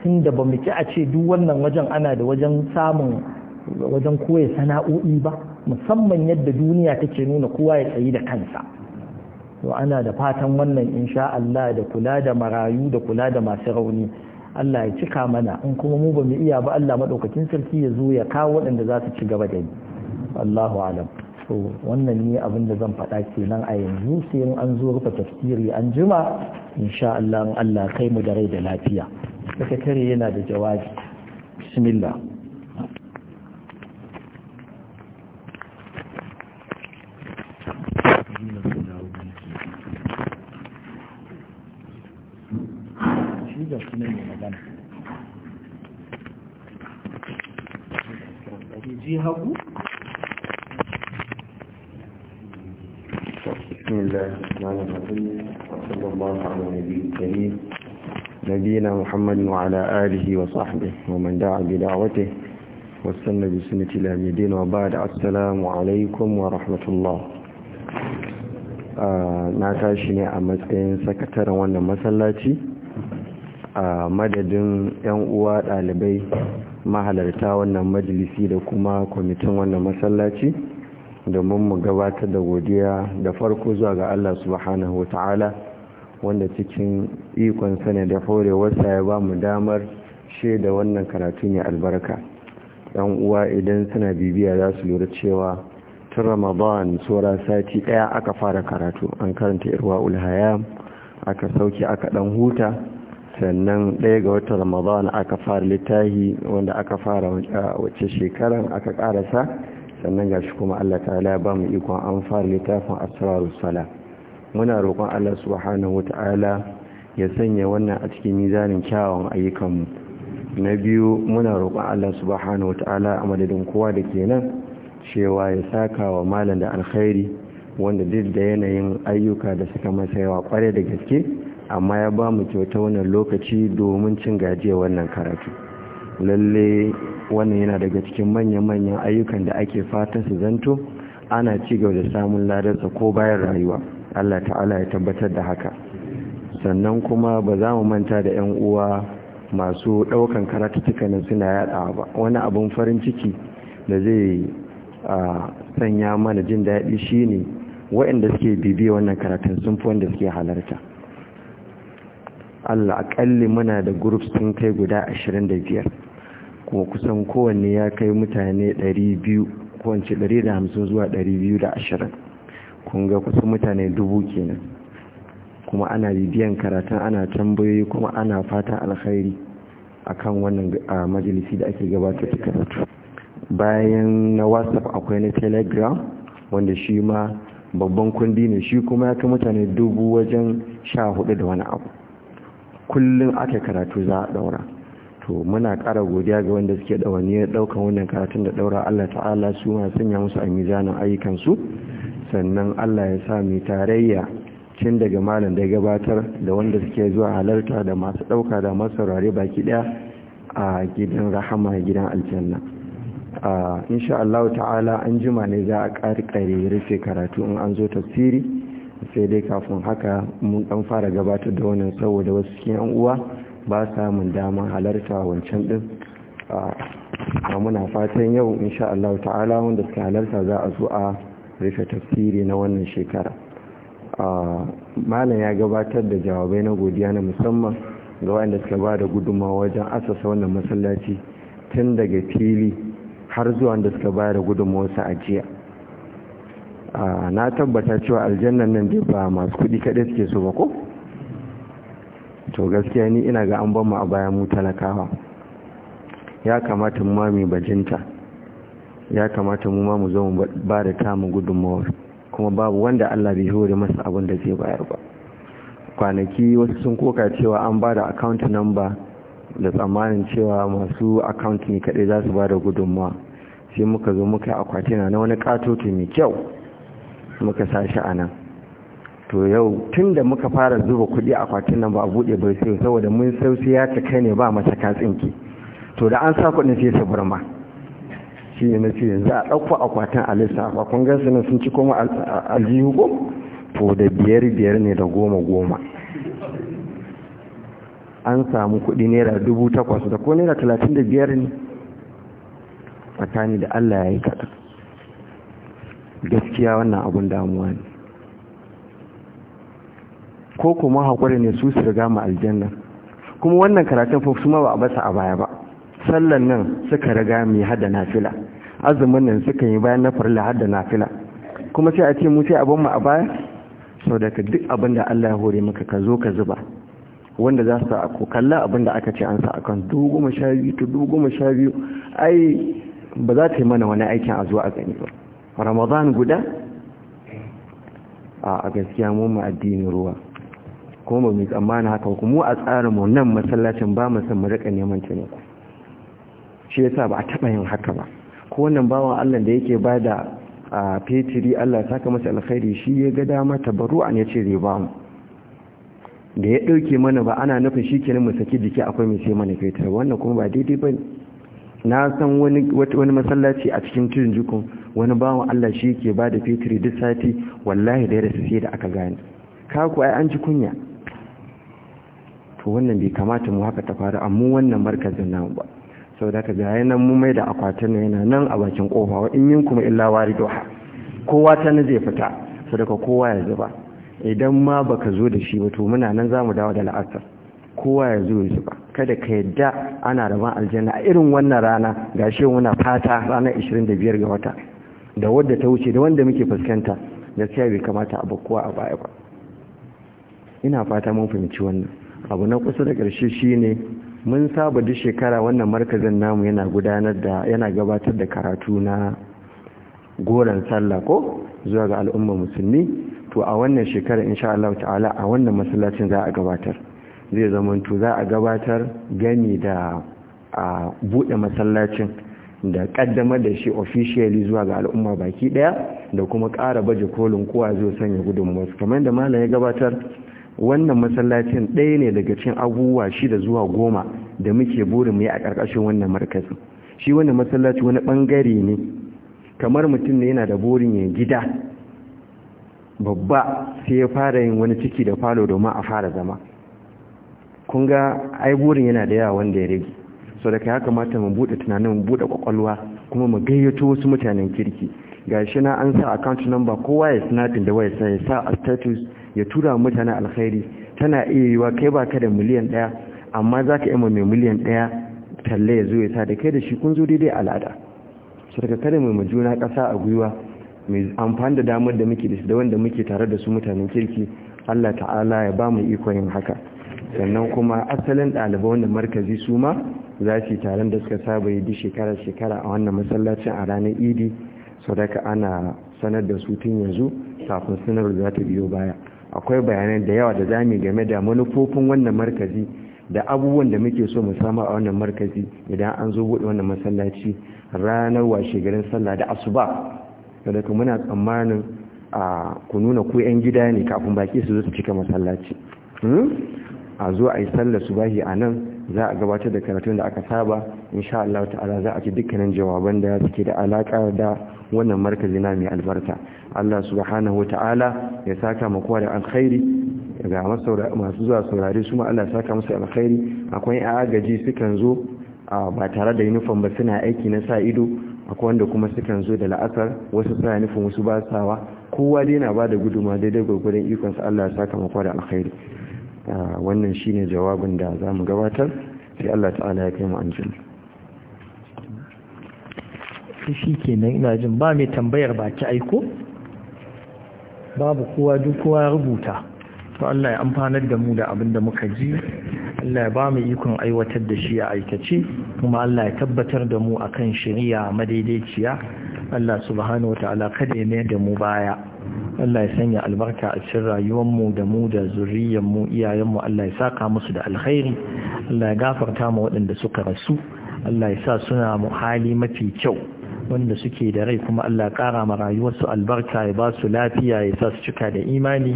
tunda ba mu ki a ce duk wannan wajen ana da wajen samun wajen koya sana'o'i ba musamman yadda duniya take nuna kowa ya tsayi da kansa to ana da fatan wannan insha Allah da kula da marayu da kula da masu rauni Allah ya cika mana in kuma mu ba mu iya ba Allah madaukakin sarki ya zo ya kawo waɗanda za su ci gaba da ni Allahu alam so wannan ne abin da zan faɗa kenan a yanzu sai in an zo rufe tafsiri an jima insha Allah Allah kai mu da rai da lafiya sakatare yana da jawabi bismillah بسم الله الرحمن الرحيم وصلى الله على النبي الكريم نبينا محمد وعلى آله وصحبه ومن دعا بدعوته واستنى بسنة الى الدين وبعد السلام عليكم ورحمة الله na tashi ne a matsayin sakataren wannan masallaci a madadin 'yan uwa ɗalibai mahalarta wannan majalisi da kuma kwamitin wannan masallaci domin mu gabatar da godiya da farko zuwa ga Allah subhanahu wa ta'ala wanda cikin ikon sana da horewarsa ya ba mu damar shaida wannan karatu ne albarka Ɗan uwa idan suna bibiya za su lura cewa tun ramadan tsora sati ɗaya aka fara karatu an karanta irwa ulhaya aka sauke aka ɗan huta sannan ɗaya ga wata ramadan aka fara littahi wanda aka fara wacce shekaran aka karasa sannan gashi kuma allah ta'ala ba mu ikon an fara littafin asrarus muna roƙon Allah subhanahu wata'ala ya sanya wannan a cikin mizanin kyawawan ayyukanmu na biyu muna roƙon Allah subhanahu wata'ala a madadin kowa da kenan cewa ya saka wa malam da alkhairi wanda duk da yanayin ayyuka da suka masa yawa kware da gaske amma ya ba mu kyauta wannan lokaci domin cin gajiya wannan karatu lalle wannan yana daga cikin manya-manyan ayyukan da ake fatan su zanto ana ci gaba da samun ladarsa ko bayan rayuwa Allah ta'ala ya tabbatar da haka sannan kuma ba za mu manta da 'yan uwa masu ɗaukan nan suna yada ba wani abun farin ciki da zai sanya mana jin daɗi shine waɗanda suke bibiya wannan karatun sun fi wanda suke halarta Allah akalli muna da groups sun kai guda 25 kuma kusan kowanne ya kai mutane 200 kowace 150 zuwa 220 kun ga kusa mutane dubu kenan kuma ana bibiyan karatun ana tambayoyi kuma ana fatan alkhairi akan wannan majalisi da ake gabatar da karatu bayan na whatsapp akwai na telegram wanda shi ma babban kundi ne shi kuma ya kai mutane dubu wajen sha hudu da wani abu kullum aka karatu za a daura to muna ƙara godiya ga wanda suke ɗawaniyar ɗaukan wannan karatun da ɗaura Allah ta'ala su ma sanya musu a mizanin ayyukansu sannan Allah ya sa mu tarayya cin daga malam da gabatar da wanda suke zuwa halarta da masu ɗauka da masu saurare baki ɗaya a gidan rahama gidan aljanna insha Allah ta'ala an jima ne za a ƙarƙare rufe karatu in an zo tafsiri sai dai kafin haka mun ɗan fara gabatar da wannan saboda wasu cikin yan uwa ba samun dama halarta wancan din a muna fatan yau insha Allah ta'ala wanda suka halarta za a zo a rufe tafsiri na wannan shekara malam ya gabatar da jawabai na godiya na musamman ga wanda suka ba da guduma wajen asasa wannan masallaci tun daga fili har zuwa wanda suka ba da guduma wasu ajiya. na tabbata cewa aljannan nan dai ba masu kuɗi kaɗai suke so ba ko to gaskiya ni ina ga an ban mu a baya mu talakawa ya kamata mu ma mai bajinta ya kamata mu ma mu zo mu ba da tamu gudunmawar kuma babu wanda Allah bai hore masa abin da zai bayar ba kwanaki wasu sun koka cewa an ba da account number da tsammanin cewa masu account ne kaɗai za su ba da gudunmawa sai muka zo muka akwatina na wani katoki mai kyau muka sashi a nan to yau tun da muka fara zuba kuɗi a kwatin nan ba a buɗe bai sai saboda mun sauci ya ta kai ne ba mata ka tsinki to da an sa kuɗin sai su burma shi ne na ce yanzu a ɗauko akwatin a lissafa kun gan na sun ci kuma aljihu ko to da biyar biyar ne da goma goma an samu kuɗi naira dubu takwas da ko naira talatin da biyar ne tsakani da allah ya yi kaɗa gaskiya wannan abun damuwa ne ko kuma haƙuri ne su su riga mu aljanna kuma wannan karatun fa kuma ba a basa a baya ba sallan nan suka riga mu hada nafila azumin nan suka yi bayan na farla hada nafila kuma sai a ce mu sai abin mu a baya sau da ka duk abin da Allah ya hore maka ka zo ka zuba wanda za su ko kalla abin da aka ce an sa akan dubu ma sha biyu to dubu ma sha biyu ai ba za ta yi mana wani aikin a zuwa a gani ba ramadan guda a gaskiya mu mu addinin ruwa kuma ba mu tsammani haka kuma a tsarin mu nan masallacin ba mu san mu rika neman taimako shi yasa ba a taba yin haka ba ko wannan bawan Allah da yake ba da fetiri Allah saka masa alkhairi shi ya ga dama an ya ce zai ba mu da ya dauke mana ba ana nufin shi kenan mu saki jiki akwai mai sai mana fetir wannan kuma ba daidai ba na san wani wani masallaci a cikin tudun jikun wani bawan Allah shi yake bada fetiri duk sati wallahi da ya rasu sai da aka gane ka ku ai an ji kunya to wannan bai kamata mu haka ta faru amma wannan markazin nan ba da ka ga nan mu mai da akwatin yana nan a bakin kofa wa in yin kuma illa wari doha kowa ta zai fita sadaka kowa ya zuba idan ma baka zo da shi ba to muna nan za mu dawo da la'asar kowa ya zo ya zuba kada ka yadda ana rabon aljanna a irin wannan rana shi muna fata ranar 25 ga wata da wadda ta wuce da wanda muke fuskanta da sai bai kamata a bakuwa a baya ba ina fata mun fahimci wannan abu na kusa da ƙarshe shine mun saba duk shekara wannan markazin namu yana gudanar da yana gabatar da karatu na goron sallah ko zuwa ga al'umma musulmi to a wannan shekara insha Allah ta'ala a wannan masallacin za a gabatar zai zamanto za a gabatar gani da a buɗe masallacin da kaddamar da shi officially zuwa ga al'umma baki daya da kuma ƙara baje kolin kowa zai sanya gudunmuwa kamar da malam ya gabatar wannan masallacin ɗaya ne daga cikin abubuwa shida zuwa goma da muke burin mu yi a ƙarƙashin wannan markazin shi wannan masallaci wani ɓangare ne kamar mutum ne yana da burin ya gida babba sai ya fara yin wani ciki da falo domin a fara zama kun ga ai burin yana da yawa wanda ya rage so da kai ya kamata mu buɗe tunanin mu buɗe kwakwalwa kuma mu gayyato wasu mutanen kirki gashi na an sa account number kowa ya snapping da waya sai sa a status ya tura mutane alkhairi tana iya yiwa kai ba ka da miliyan ɗaya amma za ka ima mai miliyan ɗaya talle ya zo ya sa da kai da shi kun zo daidai al'ada su daga kada mai majuna ƙasa a gwiwa mai amfani da damar da muke da wanda muke tare da su mutanen kirki allah ta'ala ya ba mu iko yin haka sannan kuma asalin ɗaliba wanda markazi su ma za su yi taron da suka saba yi duk shekara-shekara a wannan masallacin a ranar idi sadaka ana sanar da su tun yanzu kafin da za ta biyo baya akwai bayanai da yawa da zamu game da manufofin wannan markazi da abubuwan da muke so mu samu a wannan markazi idan an zo buɗe wannan masallaci ranar washe garin sallah da asuba da kuma muna tsammanin a ku nuna ku yan gida ne kafin baki su zo su cika masallaci hmm? a zo a yi sallar subahi a nan za a gabatar da karatun da aka saba insha Allah ta'ala za a ci dukkanin jawaban da suke da alaka da wannan markazi na mai albarka Allah subhanahu wata'ala ya saka mu kowa da alkhairi ga masu zuwa saurare su ma Allah ya saka musu alkhairi akwai agaji sukan zo ba tare da uniform ba suna aiki na sa ido akwai wanda kuma sukan zo da la'asar wasu sa uniform wasu ba sawa kowa dai na bada guduma daidai ikon su Allah ya saka makwa da alkhairi wannan shine jawabin da zamu gabatar sai Allah ta'ala ya kai mu anjima shi kenan ina jin ba mai tambayar ba ki aiko babu kowa duk kowa rubuta to Allah ya amfanar da mu da abin da muka ji Allah ya ba mu ikon aiwatar da shi a aikace kuma Allah ya tabbatar da mu akan shari'a madaidaiciya Allah subhanahu wata'ala kada ya mayar da mu baya Allah ya sanya albarka a cikin rayuwar mu da mu da zuriyar mu iyayen mu Allah ya saka musu da alkhairi Allah ya gafarta mu waɗanda suka rasu Allah ya sa suna mu hali mafi kyau wanda suke da rai kuma Allah ƙara ma rayuwarsu albarka ya ba su lafiya ya sa su cika da imani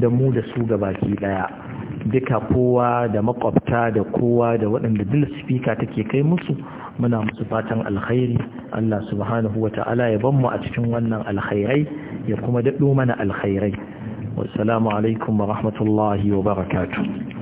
da mu da su ga baki ɗaya duka kowa da makwabta da kowa da waɗanda duk spika take kai musu muna musu fatan alkhairi Allah subhanahu wata'ala ya ban mu a cikin wannan alkhairai ya kuma daɗo mana alkhairai wassalamu alaikum wa rahmatullahi wa barakatuh